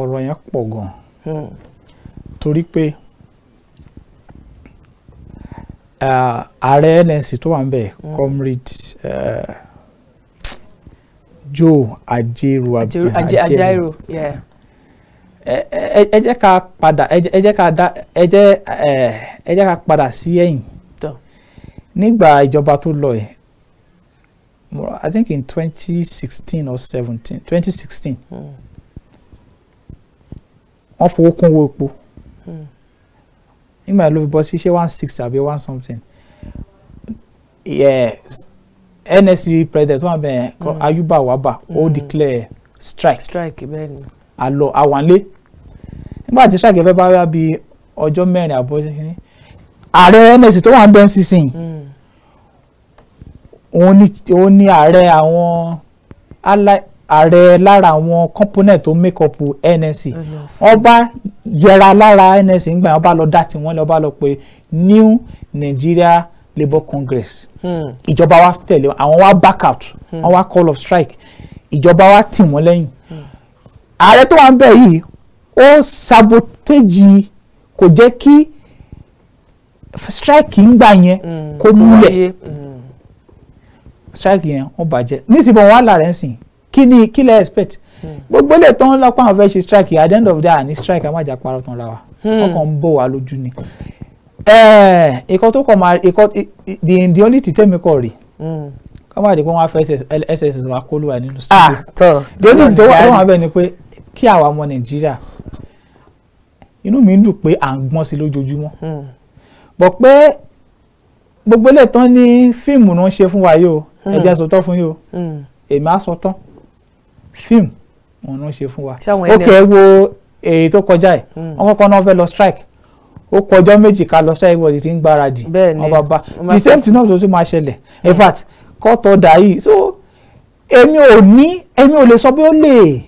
ọ̀rọ̀ yẹn pọ̀ gan hmm. torí pé ààrẹ NNC tó wà ń bẹ̀ hmm. comrade Joe Ajaero Ajaero ẹ jẹ́ ká padà ẹ jẹ́ ká dá ẹ jẹ́ ẹ jẹ́ ká padà sí ẹ̀yìn nígbà ìjọba tó lọ yìí I think in 2016 or 17 2016. Mm wọ́n fowó kún owó epo nígbà ló fi bọ́ sí ṣé one six àbí one something yeah. NSC president wọn bẹ hmm. Ayuba Waba ó hmm. declare strike strike bẹ́ẹ̀ ni àlọ àwọnlé nígbà tí strike fẹ́ bá wá bí ọjọ́ mẹ́rin àbọ̀ ní ààrẹ NSC tó wà ń bẹ ń sísìn òun ni ààrẹ àwọn ààrẹ lára àwọn component tó make up NNC oh, ọba yẹra lára NNC ńgbà ọba lọ dá tiwọn lọ ọba lọ pé New Nigeria Labour Congress hmm. ìjọba hmm. wa tẹ̀lé àwọn wa back out àwọn hmm. wa call of strike ìjọba wa tì wọ́n lẹ́yìn hmm. ààrẹ tó wà ń bẹ̀ yìí ó sabotage kò jẹ́ kí strike ń gbà yẹn kó múlẹ̀ strike yẹn ó bàjẹ́ nísìnyí bọ̀ wọ́n á là rẹ̀ sìn kí ni kí lẹ expect gbogbo lè tán lápá àwọn fẹ́ ṣe strike at the end of the day àní strike àmàjà parọ́ tán ra hmm. ọkàn ń bọ̀ wá lójú ni ìkọ́ tó kọ̀ máa ìkọ́ the only tìtẹ́ mi kọ̀ rí hmm. ká má di pé wọ́n fẹ́ sss wa kó lù wá nínú ah, studio the only tìtẹ́ wọ́n wà bẹ́ẹ̀ ni pé kí àwa ọmọ nàìjíríà inú mi ń dùn pé à ń gbọ́n sí lójoojúmọ́ hmm. bọ̀ pé gbogbo lè tán ní fíìmù náà ṣe fún wa yìí ẹ̀jẹ̀ sọ̀tọ̀ fún yìí èmi á sọ film wọn náà ṣe fún wa ókè ẹ wo èyí tó kọjá ẹ hmm. wọn kọ́kọ́ náà fẹ́ lọ strike ó kọjọ́ méjì ká lọ strike bọ́ọ̀dì tí ń gbáradì wọn bá bá the same thing náà tó tún máa ṣẹlẹ̀ hmm. in fact kọ́tọ̀ dà yìí so èmi ò ní èmi ò lè sọ bí ó lè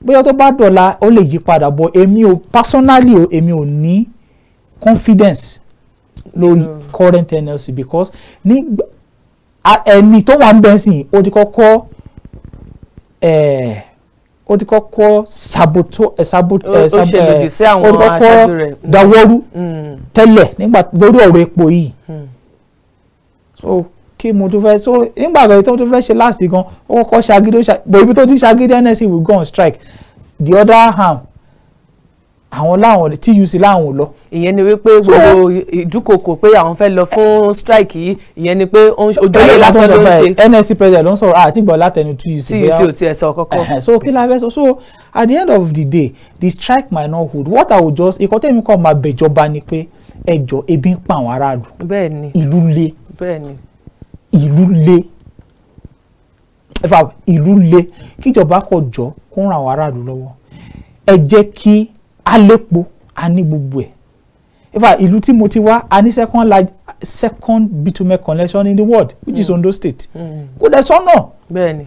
bóyá tó bá dọ̀la ó lè yí padà bọ̀ èmi ò personally èmi ò ní confidence lórí hmm. current NLC because ní ẹni tó wà ń bẹ́ẹ̀ sìn ó ti kọ́kọ́ Eh, ó ti kọ́kọ́ saboto ẹ saboto ẹ ti kọ́kọ́ mm. dáwọ́rú mm. tẹ́lẹ̀ nígbà lórí ọ̀rọ̀ epo yìí mm. so kí mo tún fẹ́ so nígbà tó tún fẹ́ ṣe láti gan ó kọ́kọ́ ṣagídí ó ibi tó ti ṣagídí nsc e will go on strike the other hand àwọn láwọn tuc láwọn ò lọ. ìyẹn ni wípé gbogbo ìdúkokò pé àwọn fẹ́ lọ fún strike yìí ìyẹn ni pé ojúlé lásán ló ń ṣe. nsc president ló ń sọ̀rọ̀ àti ah, ìgbọ̀ látẹnu tuc. tuc ò tiẹ̀ sọ kọ́kọ́. so kí la fẹ́ sọ so at the end of the day the strike might not hold what i will just ikọ̀ tẹ̀mí kan máa bẹ̀jọba ni pé ẹjọ́ ebi ń pa àwọn aráàlú. bẹ́ẹ̀ni ìlú le bẹ́ẹ̀ni ìlú le ìlú le kíjọba kó jọ kó ràn àwọn aráàlú lọ́wọ́ ẹ jẹ́ kí Alepo a ní gbogbo ẹ̀ ifá ìlú tí mo ti wá a ní second large second bitume connection in the world which is hmm. Ondo State hmm. kò dẹ̀ sọ́nà bẹ́ẹ̀ni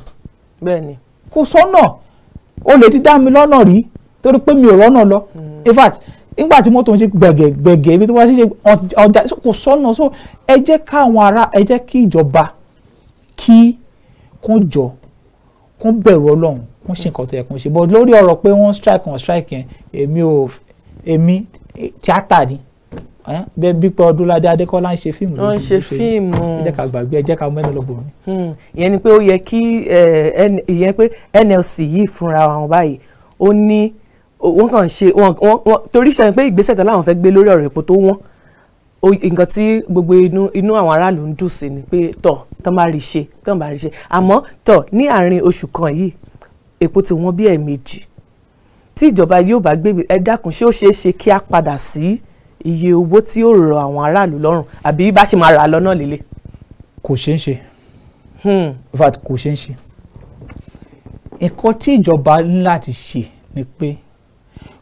bẹ́ẹ̀ni kò sọ́nà o lè ti dá mi lọ́nà rí torí pé mi ò rọ́nà lọ hmm. in nígbà tí mọ́tò ń ṣe gbẹ̀gẹ̀ gbẹ̀gẹ̀ ibi tó wá ṣe ọjà kò sọ́nà so ẹ jẹ́ káwọn ará ẹ jẹ́ kí ìjọba kí kún jọ kún bẹ̀rù ọlọ́run kún ṣe nǹkan tó yẹ kún ṣe but lórí ọ̀rọ̀ pé wọ́n strike on strike yẹn èmi ò èmi e, tíátà ni bẹ́ẹ̀ bí pé Ọdúnládé Adékọ́lá ń ṣe fíìmù lójú ṣe fíìmù ẹ jẹ́ ká gbàgbé ẹ jẹ́ ká mẹ́nu lọ́gbọ̀n mi. Hmm. ìyẹn ni pé ó yẹ kí ìyẹn pé NLC yìí fúnra wọn báyìí ó ní wọ́n kàn ṣe wọ́n torí ṣe pé ìgbésẹ̀ tó láwọn fẹ́ gbé lórí ọ̀rọ̀ epo tó wọ́n nǹkan tí gbogbo inú inú àwọn aráàlú ń dùn sí ni pé tọ̀ tán bá rí ṣe tán bá rí ṣe àmọ́ tọ̀ ní àárín oṣù kan yìí epo ti wọ́n bí ẹ̀ẹ̀mejì tí ìjọba yóò bá gbé ẹ dákun ṣé ó ṣeé ṣe kí a padà sí iye owó tí ó rọ àwọn aráàlú lọ́rùn àbí bá ṣe máa rà á lọ́nà lélẹ̀. kò ṣeé ṣe vat hmm. kò ṣeé ṣe nǹkan tí ìjọba ní láti ṣe ni pé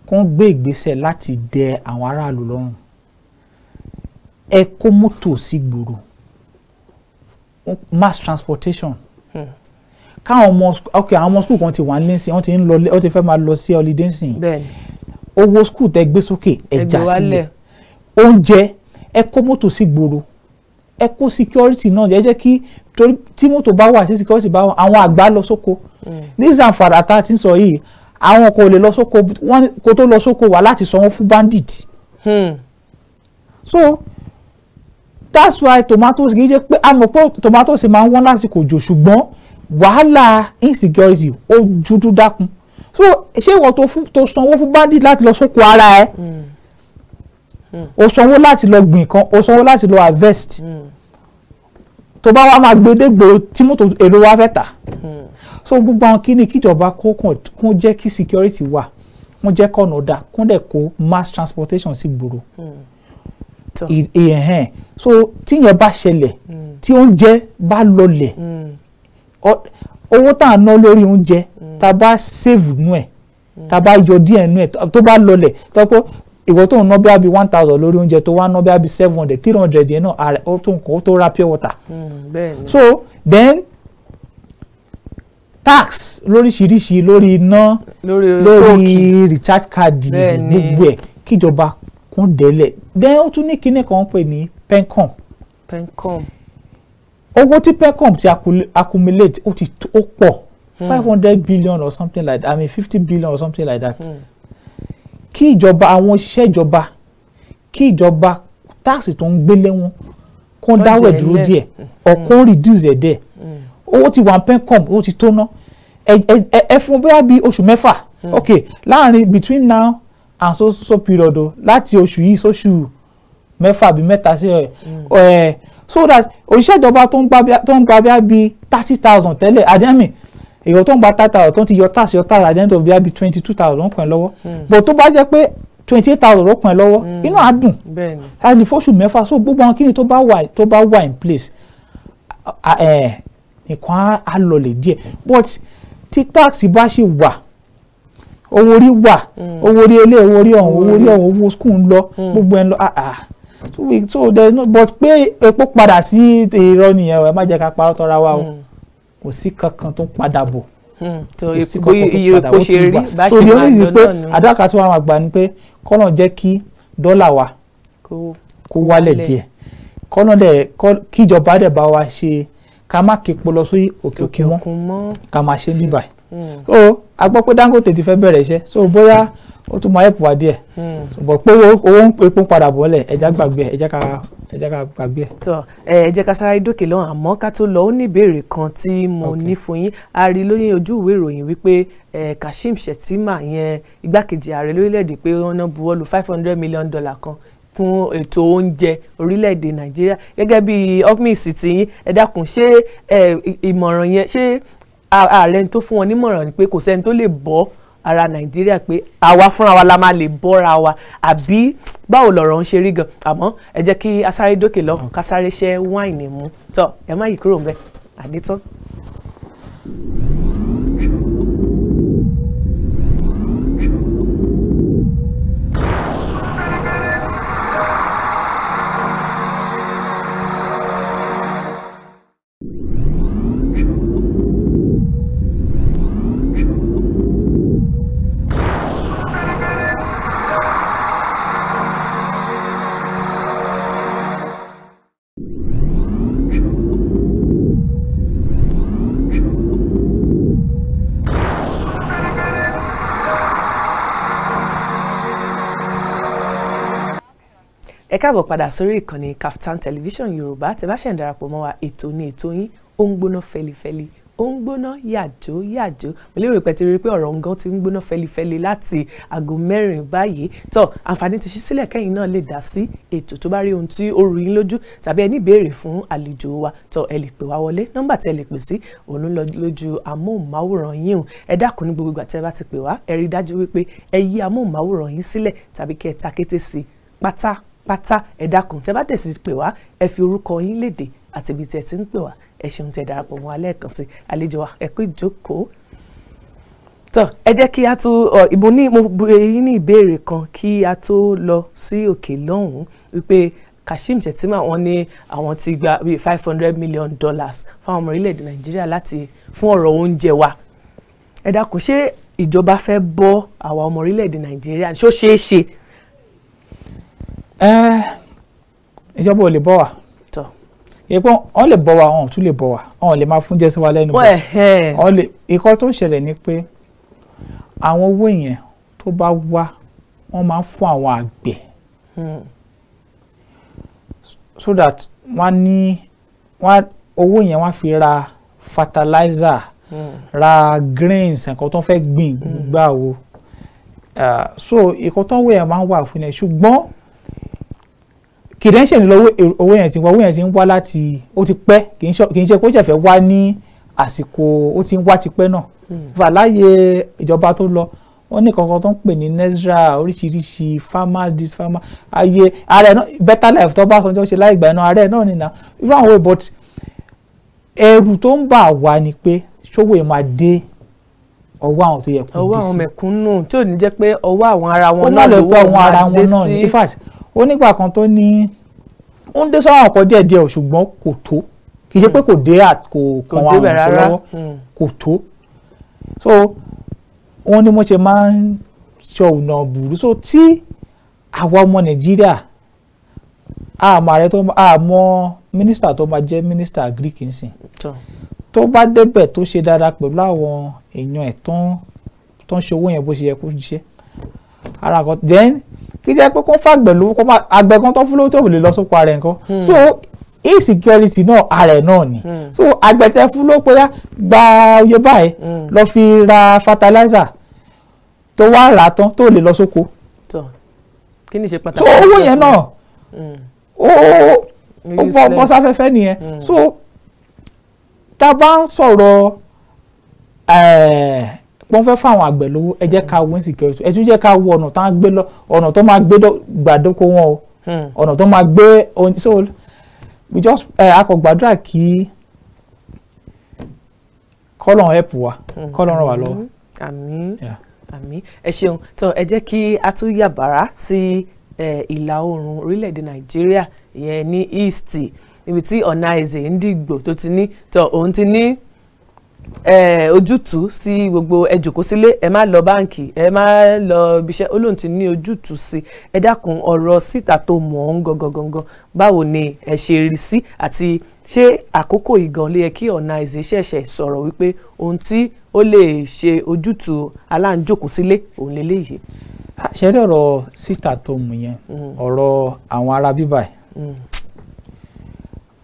kó ń gbé ìgbésẹ̀ láti dẹ àwọn aráàlú lọ́rùn ẹ kó mọ́tò sí gbòòrò mass transportation káwọn ọmọ ok àwọn ọmọ skul kan ti wà nísìn wọ́n ti ń lọ wọ́n ti fẹ́ máa lọ sí ọlídé nsìn owó skul tẹ gbé sókè ẹja sílẹ̀ oúnjẹ ẹ kó mọ́tò sí gbòòrò ẹ kó security náà jẹ́ jẹ́ kí tí mọ́tò bá wà tí security bá wà àwọn àgbà lọ sóko mm. ní Zamfara tá a ti ń sọ yìí àwọn kò lè lọ sóko wọn kò tó lọ sóko wà láti sanwó fún bandit. Hmm. so that's why tomatoes kì í jẹ́ pé àmọ́ pé tomatoes máa ń wọ́n lásìkò òjò ṣùgbọ́n wàhálà insecurity ó dúdú dákun so ṣé ìwọ tó sanwó fún bandit láti lọ sóko ara ẹ hmm. o sanwó láti lọ gbìn kan o sanwó láti lọ harvest hmm. tó bá wá máa gbedégbò tí mọ́tò èrò wa fẹ́ tà hmm. so gbogbo àwọn kí ni kíjọba kún jẹ́ kí security wà wọ́n jẹ́ kọ́nà ọ̀dà kún dẹ̀ kó mass transportation sí gbòòrò so tíyẹn bá ṣẹlẹ̀ tí oúnjẹ bá lọlẹ̀ owó tá à ń ná lórí oúnjẹ mm. tá a bá save nú ẹ̀ tá a bá yọ díẹ̀ nú ẹ̀ tó bá lọlẹ̀ tó pé ìwọ tó ń ná bí i one thousand lórí oúnjẹ tó wá ná bí i seven hundred three hundred yẹn náà ó tó nǹkan ó tó ra pure water. Mm, so then tax lóríṣiríṣi lórí iná lórí recharge card gbogbo ẹ̀ kíjọba kún délẹ̀ then ó tún ní kinní kan pè ní pencom. pencom owó tí pecom ti accumulate ó ti ó pọ̀ hmm. five hundred billion or something like that i mean fifty billion or something like that hmm. kí ìjọba àwọn iṣẹ́ ìjọba kí ìjọba táàsì tó ń gbélé wọn kó ń dáwọ́ ẹ̀ dúró díẹ̀ or hmm. kó ń reduce ẹ̀ díẹ̀ owó ti wà pecom ó ti tó ná ẹ fún bóyá bíi oṣù mẹ́fà ok láàrin between now and so so period o láti oṣù yìí sóṣù. So mẹ́fà àbí mẹ́ta sí mm. ẹ̀ so that òṣìṣẹ́ ìjọba tó ń gba bíá bíi thirty thousand tẹ́lẹ̀ àdẹ́mì èèyàn tó ń gba thirty thousand tó ń ti yọ tax yọ tax àdẹ́mì tó bíá bíi twenty two thousand ó pọ̀ ẹ́ lọ́wọ́ mm. but tó bá jẹ́ pé twenty eight thousand ó pọ̀ ẹ́ lọ́wọ́ mm. inú á dùn àti fóṣù mẹ́fà so gbogbo àwọn kíni tó bá wà tó bá wà in place nǹkan á lọlẹ̀ díẹ̀ but tí tax bá ṣì wà owó orí wà owó orí ilé owó orí ọ̀hún owó orí ọ̀hún owó school ń lọ gbogbo ẹ̀ ń lọ two weeks so there is no but pé epo padà sí eh, irọ́ nìyẹn ẹ má jẹ́ ká parọ́ tọ́ra wa o hmm. kò sí kankan tó ń padà bọ̀ hmm. kò sí kankan tó ń padà bọ̀ ó ti gbà so the only thing pé àdúrà kan tí wọ́n máa gbà ni pé kọ́nà jẹ́ kí dọ́là wa kó wálẹ̀ díẹ̀ kọ́nà dẹ̀ kíjọba dẹ̀ bá wa ṣe ká má képo lọ sí òkè òkun mọ́ ká máa ṣe bíbà hmm. so a gbọ́ pé Dangote ti fẹ́ bẹ̀rẹ̀ iṣẹ́ so bóyá ó tún máa ẹ̀pù wá díẹ̀ hmm. bọ̀ pé owó epo ń padà bọ́lẹ̀ ẹja gbàgbé ẹja ká ẹja ká gbàgbé. tọ ẹ jẹ́ ká sáré dókè lọ àmọ́ ká tó lọ ó ní ìbéèrè kan tí mo ní fún yín a rí lóyún ojú ìwé ìròyìn wípé Kashim Shettima yẹn igbákejì ààrẹ lórílẹ̀‐èdè pé wọ́n náà buwọ́lu five hundred million dollar kan fún ètò oúnjẹ orílẹ̀-èdè nàìjíríà gẹ́gẹ́ bí ọ́fíìsì tí yín ẹ dákun ṣé ìmọ̀ràn yẹn ṣé ààrẹ tó fún wọn nímọ̀ràn ni pé kò sẹ́ni tó lè bọ́ ara nàìjíríà pé àwa fúnra wa la máa lè bọ́ra wa àbí báwo lọ̀rọ̀ ń ṣe rí gan àmọ́ ẹ jẹ́ kí asáré dókè lọ ká sáré ṣe wáìnì mu tọ́ ẹ má yí kúrò ń bẹ̀ àdétán. káàbọ̀ padà sórí ìkànnì Kaftan television yorùbá tẹ bá ṣẹ̀ ń darapọ̀ mọ́ wa ètò ní ètò yín ó ń gbóná fẹlifẹli ó ń gbóná yàjó yàjó mo lérò ìpẹ́tẹ́ rí pé ọ̀rọ̀ nǹkan ti ń gbóná fẹlifẹli láti aago mẹ́rin báyìí tó àǹfààní ti ṣí sílẹ̀ kẹ́yìn náà lè dá sí ètò tó bá rí ohun tí ó rú yín lójú tàbí ẹ ní ìbéèrè fún àlejò wa tó ẹ lè pè wá wọlé nọ́mbà tẹ lè pè sí òun lọ lójú amóhùnmáwòrán yín o ẹ dákun ní gbogbo ìgbà tẹ bá ti pè wá ẹ rí dájú wípé ẹ yí amóhùnmáwòrán yín sílẹ̀ tàbí kẹ́ ẹ takété sí pátá pátá ẹ dákun tẹ́ bá dẹ̀ sì pè wá ẹ fi orúkọ yín léde àti ibi tí ẹ ti ń pè wá ẹ ṣeun tẹ́ darapọ̀ mọ́ alẹ́ kan sí àlejò wa ẹ kú ìjókòó tọ ẹ jẹ́ kí a tó ìbò ní mo bèrè yín ní ìbéèrè kan kí a tó lọ sí òkè lọ́hùn-ún wípé Kashim Shettima wọ́n ní àwọn ti gba bíi five hundred million dollars fáwọn ọmọ orílẹ̀-èdè Nàìjíríà láti fún ọ̀rọ̀ oúnjẹ wa ẹ dákun ṣé ìjọba fẹ́ bọ́ àwa ọmọ orílẹ̀-èdè Nàìjíríà ṣó ṣeé ṣe Eh, ìjọba ò lè bọ́ wa ìpọ́n ọ̀n lè bọ́ wa ọ̀n tún lè bọ́ wa ọ̀n lè máa fún jẹ́ sí wa lẹ́nu bọ́ọ̀tì ọ̀n lè ìkọ́ tó ń ṣẹlẹ̀ ni pé àwọn owó yẹn tó bá wá wọ́n máa ń fún àwọn àgbẹ̀ hmm. so that wọ́n ní owó yẹn wọ́n fi ra fertilizer mm. ra grains nǹkan tó ń fẹ́ gbìn hmm. gbà o ah, so ìkọ́ tó ń wẹ̀ máa ń wà fún yẹn ṣùgbọ́n kì í dẹ́ ń ṣèlú lọ́wọ́ owó yẹn ti wá owó yẹn ti ń wá láti ó ti pẹ́ kì í ṣe kó ṣẹ̀fẹ̀ wá ní àsìkò ó ti ń wá tipẹ́ náà hmm. fàlàyé ìjọba tó lọ wọ́n ní kankan tó ń pè ní nezra oríṣiríṣi farmers dis farmers ayé ààrẹ náà better life tó bá sọ jọ ṣe láì gbà náà ààrẹ náà nìyà irú àwọn ìbọn ẹrù tó ń bà wá ni pé ṣòwò ẹ̀ máa dé ọwọ́ àwọn tó yẹ kó dì sí ọwọ́ àwọn mẹ̀kúnnù tí ò ní jẹ́ pé ọwọ́ àwọn ara wọn náà lówó wọn dé sí ó nígbà kan tó ní ó ń dé sọ́wọ́n ọkọ̀ díẹ̀ díẹ̀ ṣùgbọ́n kò tó kì í ṣe pé kò dé kò kan àwọn òṣèlú lọ́wọ́ hmm. kò tó so wọ́n ní mo ṣe máa ń sọ ọ̀nà burú so tí àwa ọmọ Nàìjíríà àmọ́ ààrẹ tó àmọ́ mínísítà tó máa jẹ́ mínísítà Greek nsìn tó bá débẹ̀ tó ṣe dáadáa pẹ̀lú àwọn èèyàn ẹ̀ tó ń ṣòwò yẹn bó ṣe yẹ kó ṣiṣẹ́ ara kan then kí jẹ́ pé kó fàgbẹ̀ lówó kó máa àgbẹ̀ kan tó fún lówó tó lè lọ sóko ara ẹ̀ nǹkan hmm. so insecurity náà ara ẹ̀ náà ni hmm. so àgbẹ̀ tẹ fún lówó pé gba oyè báyìí hmm. lọ fi ra fertilizer tó wá rà á tán tó lè lọ sóko kí ni ṣe pàtàkì so owó yẹn náà ó ó bọ́ bọ́ sáfẹ́fẹ́ nìyẹn so tá a bá ń sọ̀rọ̀ wọ́n fẹ́ fáwọn àgbẹ̀ lówó ẹ jẹ́ ká wo insecurity ẹ tún jẹ́ ká wo ọ̀nà tó máa gbé lọ ọ̀nà tó máa gbé gbàdókò wọn o hmm. ọ̀nà tó máa gbé so we just a kò gbàdúrà kí kọ́lọ̀n help wa hmm. kọ́lọ̀n ràn wá lọ́wọ́. àmín àmín ẹ ṣeun tó ẹ jẹ́ kí a tún yàbàrá sí ìlà oòrùn orílẹ̀-èdè nàìjíríà ìyẹn ní east níbi tí ọ̀nà ẹ̀sẹ̀ ń dìgbò tó ti ní tó òun ti ní ojútùú sí gbogbo ẹ jòkó sílé ẹ má lọ báǹkì ẹ má lọ ibiṣẹ́ olóhùn ti ní ojútùú sí ẹ dákun ọ̀rọ̀ síta tó mọ̀ ọ́n gangan báwo ni ẹ ṣe rí sí àti ṣé àkókò ìgàn lè yẹ kí Ọ̀nàìzé ṣẹ̀ṣẹ̀ sọ̀rọ̀ wípé ohun tí ó lè ṣe ojútùú aláǹjòkó sílé òun lélẹ́yìí. àṣẹrí ọ̀rọ̀ síta tó mú yẹn mm. ọ̀rọ̀ àwọn ará bíbáyìí mm.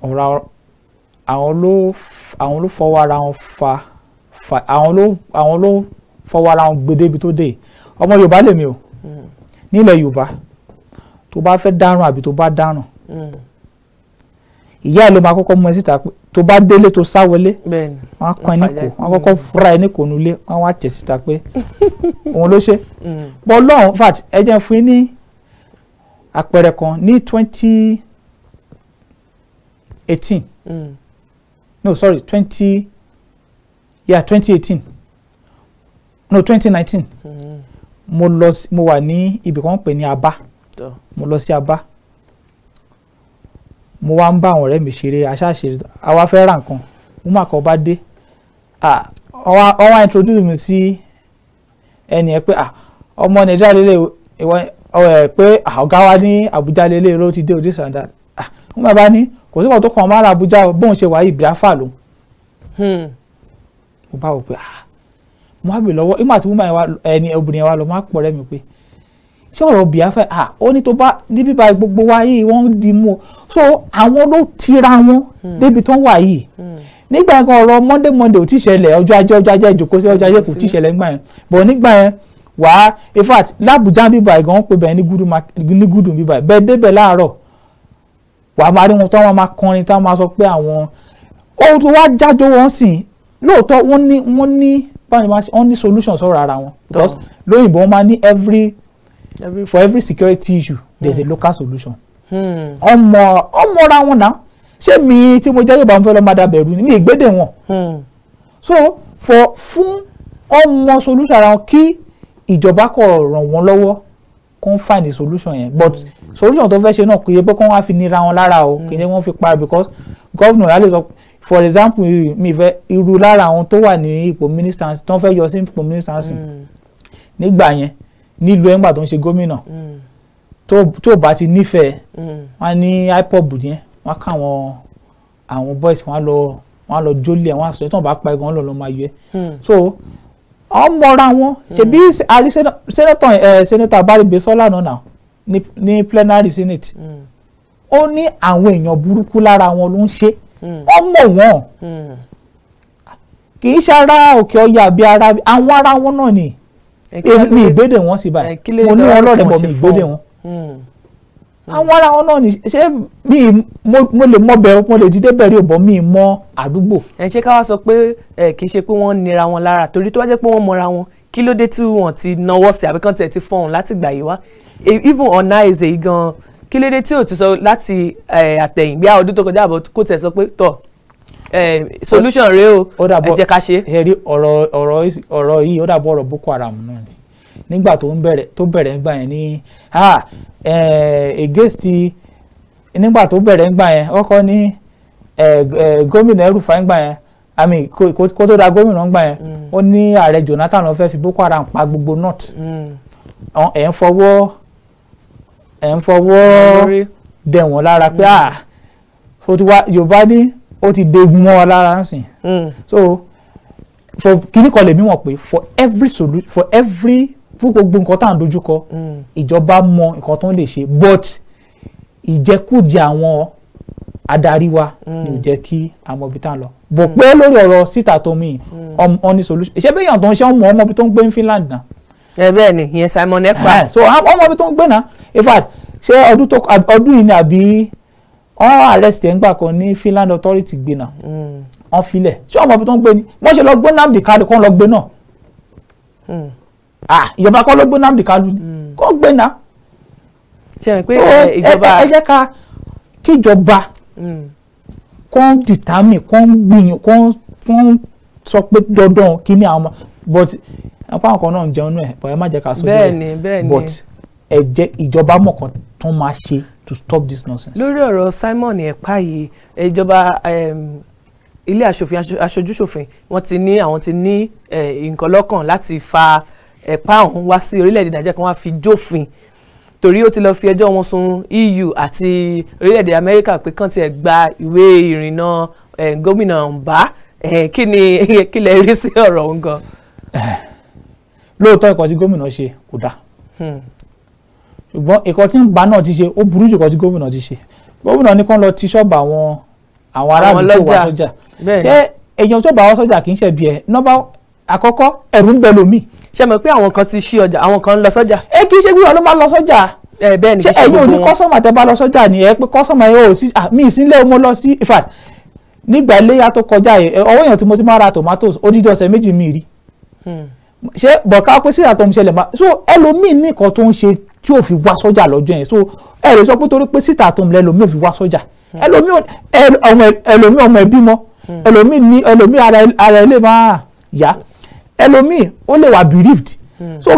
ọ̀rọ̀ àwọn ló àwọn ló fọwọ́ ara wọn fa fa àwọn ló àwọn ló fọwọ́ ara wọn gbèdé ibi tó dé ọmọ Yorùbá lèmi o hmm. nílẹ̀ Yorùbá tó bá fẹ́ dáràn àbí tó bá dáràn hmm. ìyá ẹ ló máa kọ́kọ́ mú ẹ síta pé tó bá délé tó sá wọlé wọn á kan ẹ níkò wọn á kọ́kọ́ hmm. fúra ẹ níkò nulé wọn á tẹ̀ síta pé òun ló ṣe bọ́ lọ́hùn fat ẹ jẹ́ fún yín ní àpẹẹrẹ kan ní twenty eighteen no sorry twenty yeah twenty eighteen no twenty nineteen mm-hmm. mo lọ sí mo wà ní ibì kan pè ní Aba mo lọ sí Aba mo wá ń bá àwọn ọ̀rẹ́ mi ṣeré aṣáṣeré àwa fẹ́ ra nǹkan mo mà kọ́ bá dé ọ wá introduce mi sí ẹni ẹ pé ọmọ Nàìjíríà lélẹ̀ ìwọ ẹ pé ọ̀gá wa ní Àbújá lélẹ̀ ló ti dé òdìsàn dáadáa mo máa bá ní kò sí kan tó kàn máa ra Abuja bóun ṣe wáyé Biafra ló hmm. mo bá wò pé ah mo wá bè lọ́wọ́ ìmọ̀ àti wúmọ̀ ẹni obìnrin wa lọ máa pọ̀ rẹ́ mi pé ṣé ọ̀rọ̀ Biafra ah ó ní tó bá níbí ba gbogbo wa yìí wọ́n di mú o so àwọn ló tira wọn hmm. débi tó ń wà yìí hmm. nígbà yẹn ọ̀rọ̀ Monday Monday ò tí ṣẹlẹ̀ ọjọ́ ajé ọjọ́ ajé ìjòkó sí ọjọ́ ajé kò tí ṣẹlẹ̀ nígbà yẹn bọ̀ nígbà yẹn wàá in fact lábùjá bíbà ìgàn ń pè bẹ́ẹ̀ ní gúdùn bíbà bẹ́ẹ̀ débẹ̀ láàárọ̀ wàá máa rí wọn tó wọn máa kọrin tó wọn máa sọ pé àwọn ohun tó wá jájọ wọn sì lóòótọ́ wọ́n ní wọ́n ní báyìí máa wọ́n ní solution sọ̀rọ̀ ara wọn because lóyìnbó wọ́n máa ní every for every security issue there is a hmm. local solution hmm. ọmọ ọmọra wọn náà ṣé mi tí mo jẹ́ Yorùbá mo fẹ́ lọ́ọ́ máa dàbẹ̀rù ni mi ìgbédè wọn hmm. so for fún ọmọ solution ara wọn kí ìjọba kọ̀ ràn wọ́n lọ́wọ́ kó ń find solution yẹn but solution tó fẹ́ ṣe náà kò yẹ pé kó wọ́n á fi nira wọn lára o kì í ṣe wọ́n fi para because governor yà lè sọ for example mi fẹ́ irú lára àwọn tó wà ní ipò minister tó ń fẹ́ yọ sí ipò minister mm. nígbà yẹn nílùú ẹ̀ngbà tó ń ṣe gómìnà mm. tó bá ti nífẹ̀ẹ́ mm. wọn ní ipob yẹn wọn káwọn àwọn boys wọn lọ wọn lọ jólè wọn àṣọ ẹ tó ń bá pa ẹ̀gbọ́n lọ lọ máa yọ ẹ so ọ̀n mọ́ra wọn ṣebí àrí hmm. sẹ́nẹ́tọ̀ sẹ́nẹ́tọ̀ eh, abárìgbé sọ́là náà ní plenary senate hmm. ó ní àwọn èèyàn burúkú lára wọn ló ń ṣe hmm. ọ̀n mọ̀ wọ́n kì í ṣe ara òkè ọya àbí ara àwọn ara wọn náà ni mi ìgbédè wọn sì báyìí mo ní wọn lọ́rẹ̀ bọ̀ mi ìgbédè wọn àwọn ará wọn náà ní ṣé mi mo lè mọ bẹ mo le dìde bẹ̀rẹ̀ òbọ̀ mi mọ àdúgbò. ẹ ṣé ká wá sọ pé ẹ kì í ṣe pé wọ́n nira wọn lára torí tó bá jẹ́ pé wọ́n mọra wọn kí ló dé tí wọ́n ti náwó sí àbíkan tẹ̀ ti fọ̀hún láti gbà yìí wá e, even ọ̀nà èzè yìí gan-an kí ló dé tí ò ti sọ láti àtẹ̀yìngbé ọdún tó kọjá àbọ̀ kó tẹ̀ sọ pé tọ̀ solution rèé o ẹ jẹ́ ká ṣe. ó dàbọ̀ ọ̀rọ̀ yìí ó dàbọ̀ ọ̀rọ̀ Boko Haram náà nígbà tó ń bẹ̀rẹ̀ tó bẹ̀rẹ̀ ń gbà yẹn ní against nígbà tó bẹ̀rẹ̀ ń gbà yẹn ọkọ ní gómìnà el ń gbà yẹn àmì kó tó da gómìnà ń gbà yẹn mm. ó ní ààrẹ Jonathan ló fẹ́ fi Boko Haram pa gbogbo north mm. ẹ̀ ń fọwọ́ ẹ̀ ń fọwọ́ dẹ̀ wọ́n lára pé ah Yorùbá ní ó ti degun mọ́ ọ lára ń mm. so for kini kan lè mí wọ̀n for every solution for every fún gbogbo nǹkan tá à ń dojúkọ mm. ìjọba mọ nǹkan tó ń lè ṣe but ìjẹkújẹ àwọn adarí wa ni mm. ò jẹ́ kí a mọ tá à ń lọ bò mm. pé lórí ọ̀rọ̀ síta tó mi ọ̀n ní solution ìṣẹ́ bẹ́yàn tó ń ṣe ọmọ ọmọ ibi tó ń gbé ní Finland náà. ẹ bẹ́ẹ̀ ni ìyẹn Simon Ekpa. Eh, so ọmọ ibi tó ń gbé náà in fact ṣé ọdún tó ọdún yìí ni àbí ọ̀rọ̀ arrest ẹ̀ ń gbà kan ní Finland authority gbé náà wọ́n filẹ̀ ṣé ọmọ ibi tó ń gbé ni wọ́n ṣe lọ gbé Nnamdi Kanu kan lọ gbé náà. Ah, ìjọba kọ́ ló gbé Nnamdi Kanu ni kó gbé na eh, ẹ jẹ́ ká kíjọba hmm. kó ń dìtámì kó ń gbìyàn kó ń sọ pé dandan kí ni àwọn but apá àwọn kan náà ń jẹun náà but ẹ má jẹ́ ká sọ bẹ́ẹ̀ but ẹ jẹ́ ìjọba mọ̀kan tó máa ṣe to stop this nonsense. lórí ọ̀rọ̀ Simon ẹ̀pá yìí ìjọba ilé aṣòfin aṣojúṣòfin wọ́n ti ní àwọn ti ní eh, nǹkan lọ́kàn láti fa ẹ̀pá ọ̀hún wá sí orílẹ̀-èdè nàìjíríà kí wọ́n fi jófin torí ó ti lọ́ọ́ fi ẹjọ́ wọn sun EU àti orílẹ̀-èdè amẹ́ríkà pé kàn tiẹ̀ gba ìwé ìrìnnà eh, gómìnà ọ̀nbá eh, kí ni kí lẹ rí sí ọ̀rọ̀ ọ̀hún gan. Eh, lóòótọ́ ìkọ́ tí gómìnà ṣe kò dáa hmm. ṣùgbọ́n ìkọ́ tí ń bá náà ti ṣe ó burú jù ìkọ́ tí gómìnà ti ṣe gómìnà ní kán lọ ti ṣọ́ọ̀bù àwọn àwọn aráàlú tó wà lọ́jà ṣé èèyàn ṣọ́ọ̀bù ṣe mọ̀ pé àwọn kan ti ṣí ọjà àwọn kan lọ sọ́jà. ẹ kì í ṣe gbúdọ̀ ló máa lọ sọ́jà. ẹ bẹ́ẹ̀ ni kì í ṣe gbogbo wọn ṣe ẹ̀yin ò ní kọ́sọ́mà tẹ́ bá lọ sọ́jà ni ẹ pé kọ́sọ́mà yẹn ò sí mi ìsínlẹ̀ mo lọ sí in fact nígbà iléyà tó kọjá yẹn ọwọ́ èèyàn tí mo ti máa ra tomatoes odidi ọ̀sẹ̀ méjì mi rí. Hmm. ṣé bọ̀ká pé sí àtọ̀ ṣẹlẹ̀ ọmọ ẹbí mọ́ hmm. ẹlòmíì ara ilé máa yá ẹlòmíì ó lè wà bereaved mm. so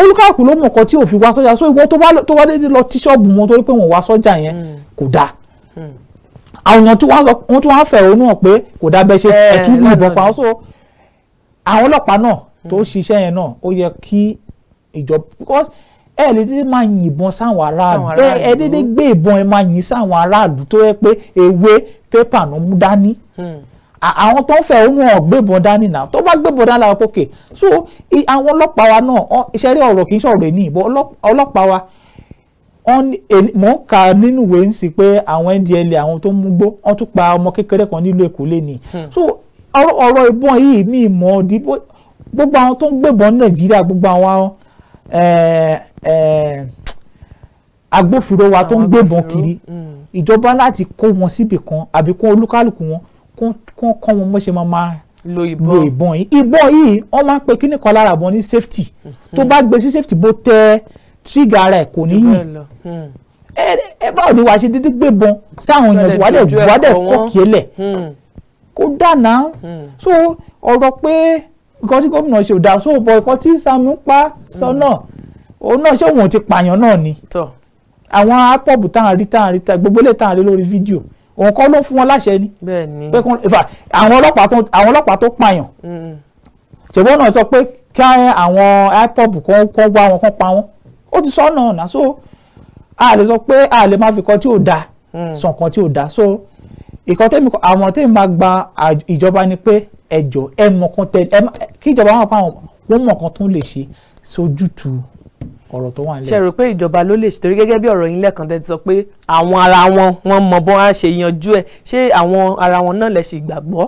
olúkàkù ló mọ̀ kan tí ò fi wá sọ́jà so ìwọ tó wá dédé lọ tí ṣọ́ọ̀bù wọn torí pé wọn wá sọ́jà yẹn hmm. kò dáa hmm. àwọn èèyàn tún wá fẹ̀hónú hàn pé kò dáa bẹ́ẹ̀ ṣe eh, ẹ̀tún ìbọn pa so àwọn ọlọ́pàá náà tó hmm. ṣiṣẹ́ yẹn náà ó yẹ kí ìjọba because ẹ lè dédé máa yìnbọn sáwọn aráàlú ẹ dédé gbé ìbọn ẹ máa yìn sáwọn aráàlú tó yẹ pé ewé pépà ló mú dání àwọn tó ń fẹ̀hónú hàn gbébọn dání náà tó bá gbébọn dání làwọn pòkè so àwọn ọlọ́pàá wa náà iṣẹ́ rí ọ̀rọ̀ kì í sọ̀rọ̀ èní ìbọn ọlọ́pàá wa mọ̀ ń ka nínú ìwé ń sì pé àwọn ndla àwọn tó ń mú gbó wọ́n tún pa ọmọ kékeré kan nílùú èkó lẹ́ni hmm. so ọ̀rọ̀ ìbọn yìí mi mọ̀ ọ́ dìbò gbogbo àwọn tó ń gbébọn ní nàìjíríà gbogbo àwọn agbófinró wa tó ń gbébọn kiri hmm. ìjọba láti kó wọn síbì kan àbí kó olúkálùkù wọn kán kọ́ wọn bó ṣe máa máa lo ìbọn yìí ìbọn yìí wọ́n máa ń pe kíní kan lára àbọ̀ ní safety mhm. tó bá gbé sí safety bó tẹ tírígà rẹ̀ kò ní yìn hmm. ẹ báwo ni wàá ṣe dídí gbébọn sáwọn èèyàn wàá dẹ̀ wàá dẹ̀ kọ́ kíélẹ̀ kó dànà so ọ̀rọ̀ pé nǹkan tí gómìnà ṣe ò dáa so bọ̀ nǹkan tí Sàámú pa sọ hmm. náà òun náà ṣé òun ò ti pààyàn náà ni àwọn apọ̀bù táwọn rí táwọn rí gbogbo ilé táwọn rí lórí fídíò òun kọ́ ló fún wọn láṣẹ ni pé kún ifá àwọn ọlọ́pàá tó àwọn ọlọ́pàá tó pààyàn ṣèwọ́n náà sọ pé kí àwọn ipob kan kọ́ wá wọn kan pa wọn ó ti sọ náà nà so a lè sọ pé a lè má fi kan tí ò da mm. sàn kan tí ò da so ìkan tẹ́mi àmọ̀ràn tẹ́mi máa gba ìjọba ni pé ẹjọ́ ẹ mọ̀ kan tẹ kí ìjọba wọn pa wọn mọ̀ kan tó lè ṣe sójútùú ọ̀rọ̀ tó wà nílẹ̀. ṣe rò pé ìjọba ló lè ṣètò gẹ́gẹ́ bí ọ̀rọ̀ yín lẹ́ẹ̀kan tẹ́ ti sọ pé àwọn ara wọn wọn mọ bọ́n á ṣe yanjú ẹ̀ ṣé àwọn ara wọn náà lè ṣe ìgbàgbọ́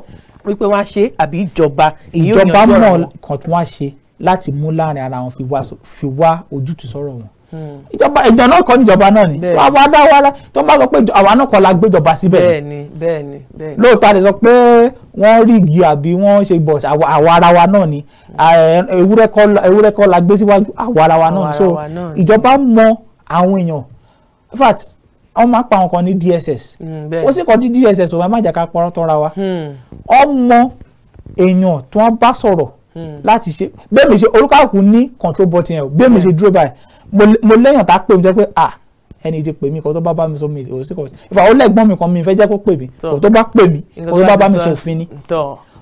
wípé wọ́n á ṣe àbí ìjọba ìjọba mọ̀ kan tí wọ́n á ṣe láti mú láàrin ara wọn fi wá ojútùú sọ̀rọ̀ wọn hmm. ìjọba ìjọ náà kọ́ níjọba náà ni àwa dá wa tó bá sọ pé àwa náà kọ́ la gbéjọba síbẹ̀ wọ́n rígi àbí wọ́n ṣe bọ̀ àwa ara wa náà ni hmm. ah, eh, ewúrẹ́ kọ́ la gbé síwájú àwa ara wa náà so ìjọba mọ àwọn èèyàn in fact wọ́n máa pa àwọn kan ní DSS hmm, ó sì kọ́ di DSS òun ẹ̀ má jà ká pọ́n tọ́ra wa hmm. ọmọ èèyàn tí wọ́n bá sọ̀rọ̀ láti ṣe bẹ́ẹ̀ mi ṣe olúkàkú ní control button ẹ̀ bẹ́ẹ̀ mi ṣe dúró báyìí mo lẹ́yìn tá a pè mí jẹ́ pé ah ẹni tí pè mí kò tó bá bá mi sọ mi ò sí kò ìfà ó lẹ́gbọ́n mi kan mi fẹ́ jẹ́ kó pè mí kò tó bá pè mí kò tó bá bá mi sọ òfin ni.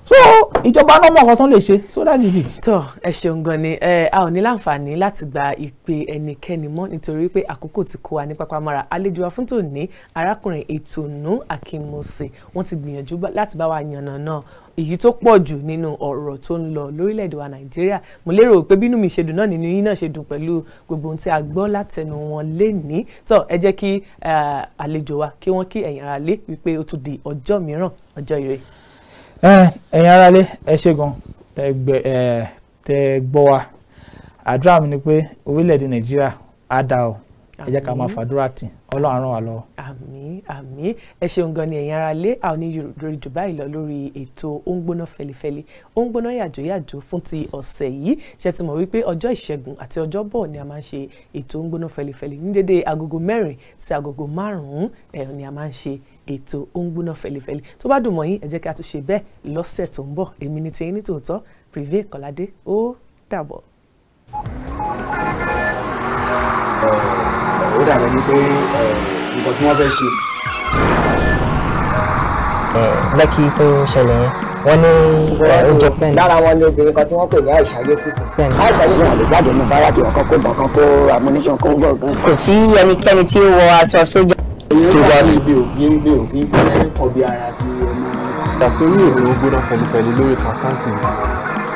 so ìjọba náà mọ̀ ọ̀kan tó lè ṣe so that is it. tọ ẹ ṣeun gan ni ẹ a ò ní láǹfààní láti gba ìpè ẹnikẹ́ni mọ́ nítorí pé àkókò ti kó wa ní pápámára àlejò wa fún tòní arákùnrin Ìtùnú Akínmọ́sẹ̀ wọ́n ti gbìyànjú láti bá wa yànnàná èyí tó pọ̀ jù nínú ọ̀rọ̀ tó ń lọ lórílẹ̀‐èdè wa nàìjíríà mo lérò pé bínú mi ṣe dùn náà nínú yín náà ṣe dùn pẹ̀lú gbogbo ohun tí a gbọ́ látẹnu wọn lénìí tó ẹ jẹ́ kí àlejò wa kí wọ́n kí ẹ̀yin aráalé wípé ó tún di ọjọ́ mìíràn ọjọ́ ire. ẹ̀yin aráalé ẹ ṣé gan tẹ gbọ́ wa àdúrà mi ni pé orílẹ̀‐èdè nàìjíríà á dà ọ́ ẹ jẹ́ ká máa fàdúrà tì ọlọ́run ràn wá lọ́wọ́. àmín àmín ẹ ṣeun gan ni ẹ̀yin ara lé àwọn oníyòrò jù báyìí lọ lórí ètò ó ń gbóná fẹlifẹli ó ń gbóná yàjò yàjò fún ti ọ̀sẹ̀ yìí ṣe ti mọ̀ wípé ọjọ́ ìṣẹ́gun àti ọjọ́ bọ̀ ni a máa ń ṣe ètò ó fẹlifẹli ní dédé agogo mẹ́rin sí agogo márùn-ún ẹ̀ ni a máa ń ṣe ètò ó ń gbóná fẹlifẹli tó bá dùn mọ́ yín ẹ jẹ́ ká tún ó dàbẹ̀ ni pé nǹkan tí wọ́n fẹ́ ṣe. lẹ́kì tó ṣẹlẹ̀ yẹn wọ́n ní ọjọ́ pẹ́ẹ́n. lára wọn ni obìnrin kan tí wọ́n pè ní Aisha Yusufu. Aisha Yusufu lè jáde ní fáráàtì ọkàn kó bọ̀ kan kó amúnísàn kó gbọ̀ gan. kò sí ẹnikẹ́ni tí ó wọ aṣọ sójà. èyí bá ti bí òfin bí òfin fẹ́ ọbẹ̀ ara sí ọmọ. ìdásórí òun gbóná fẹlifẹli lórí kàkáǹtì yìí.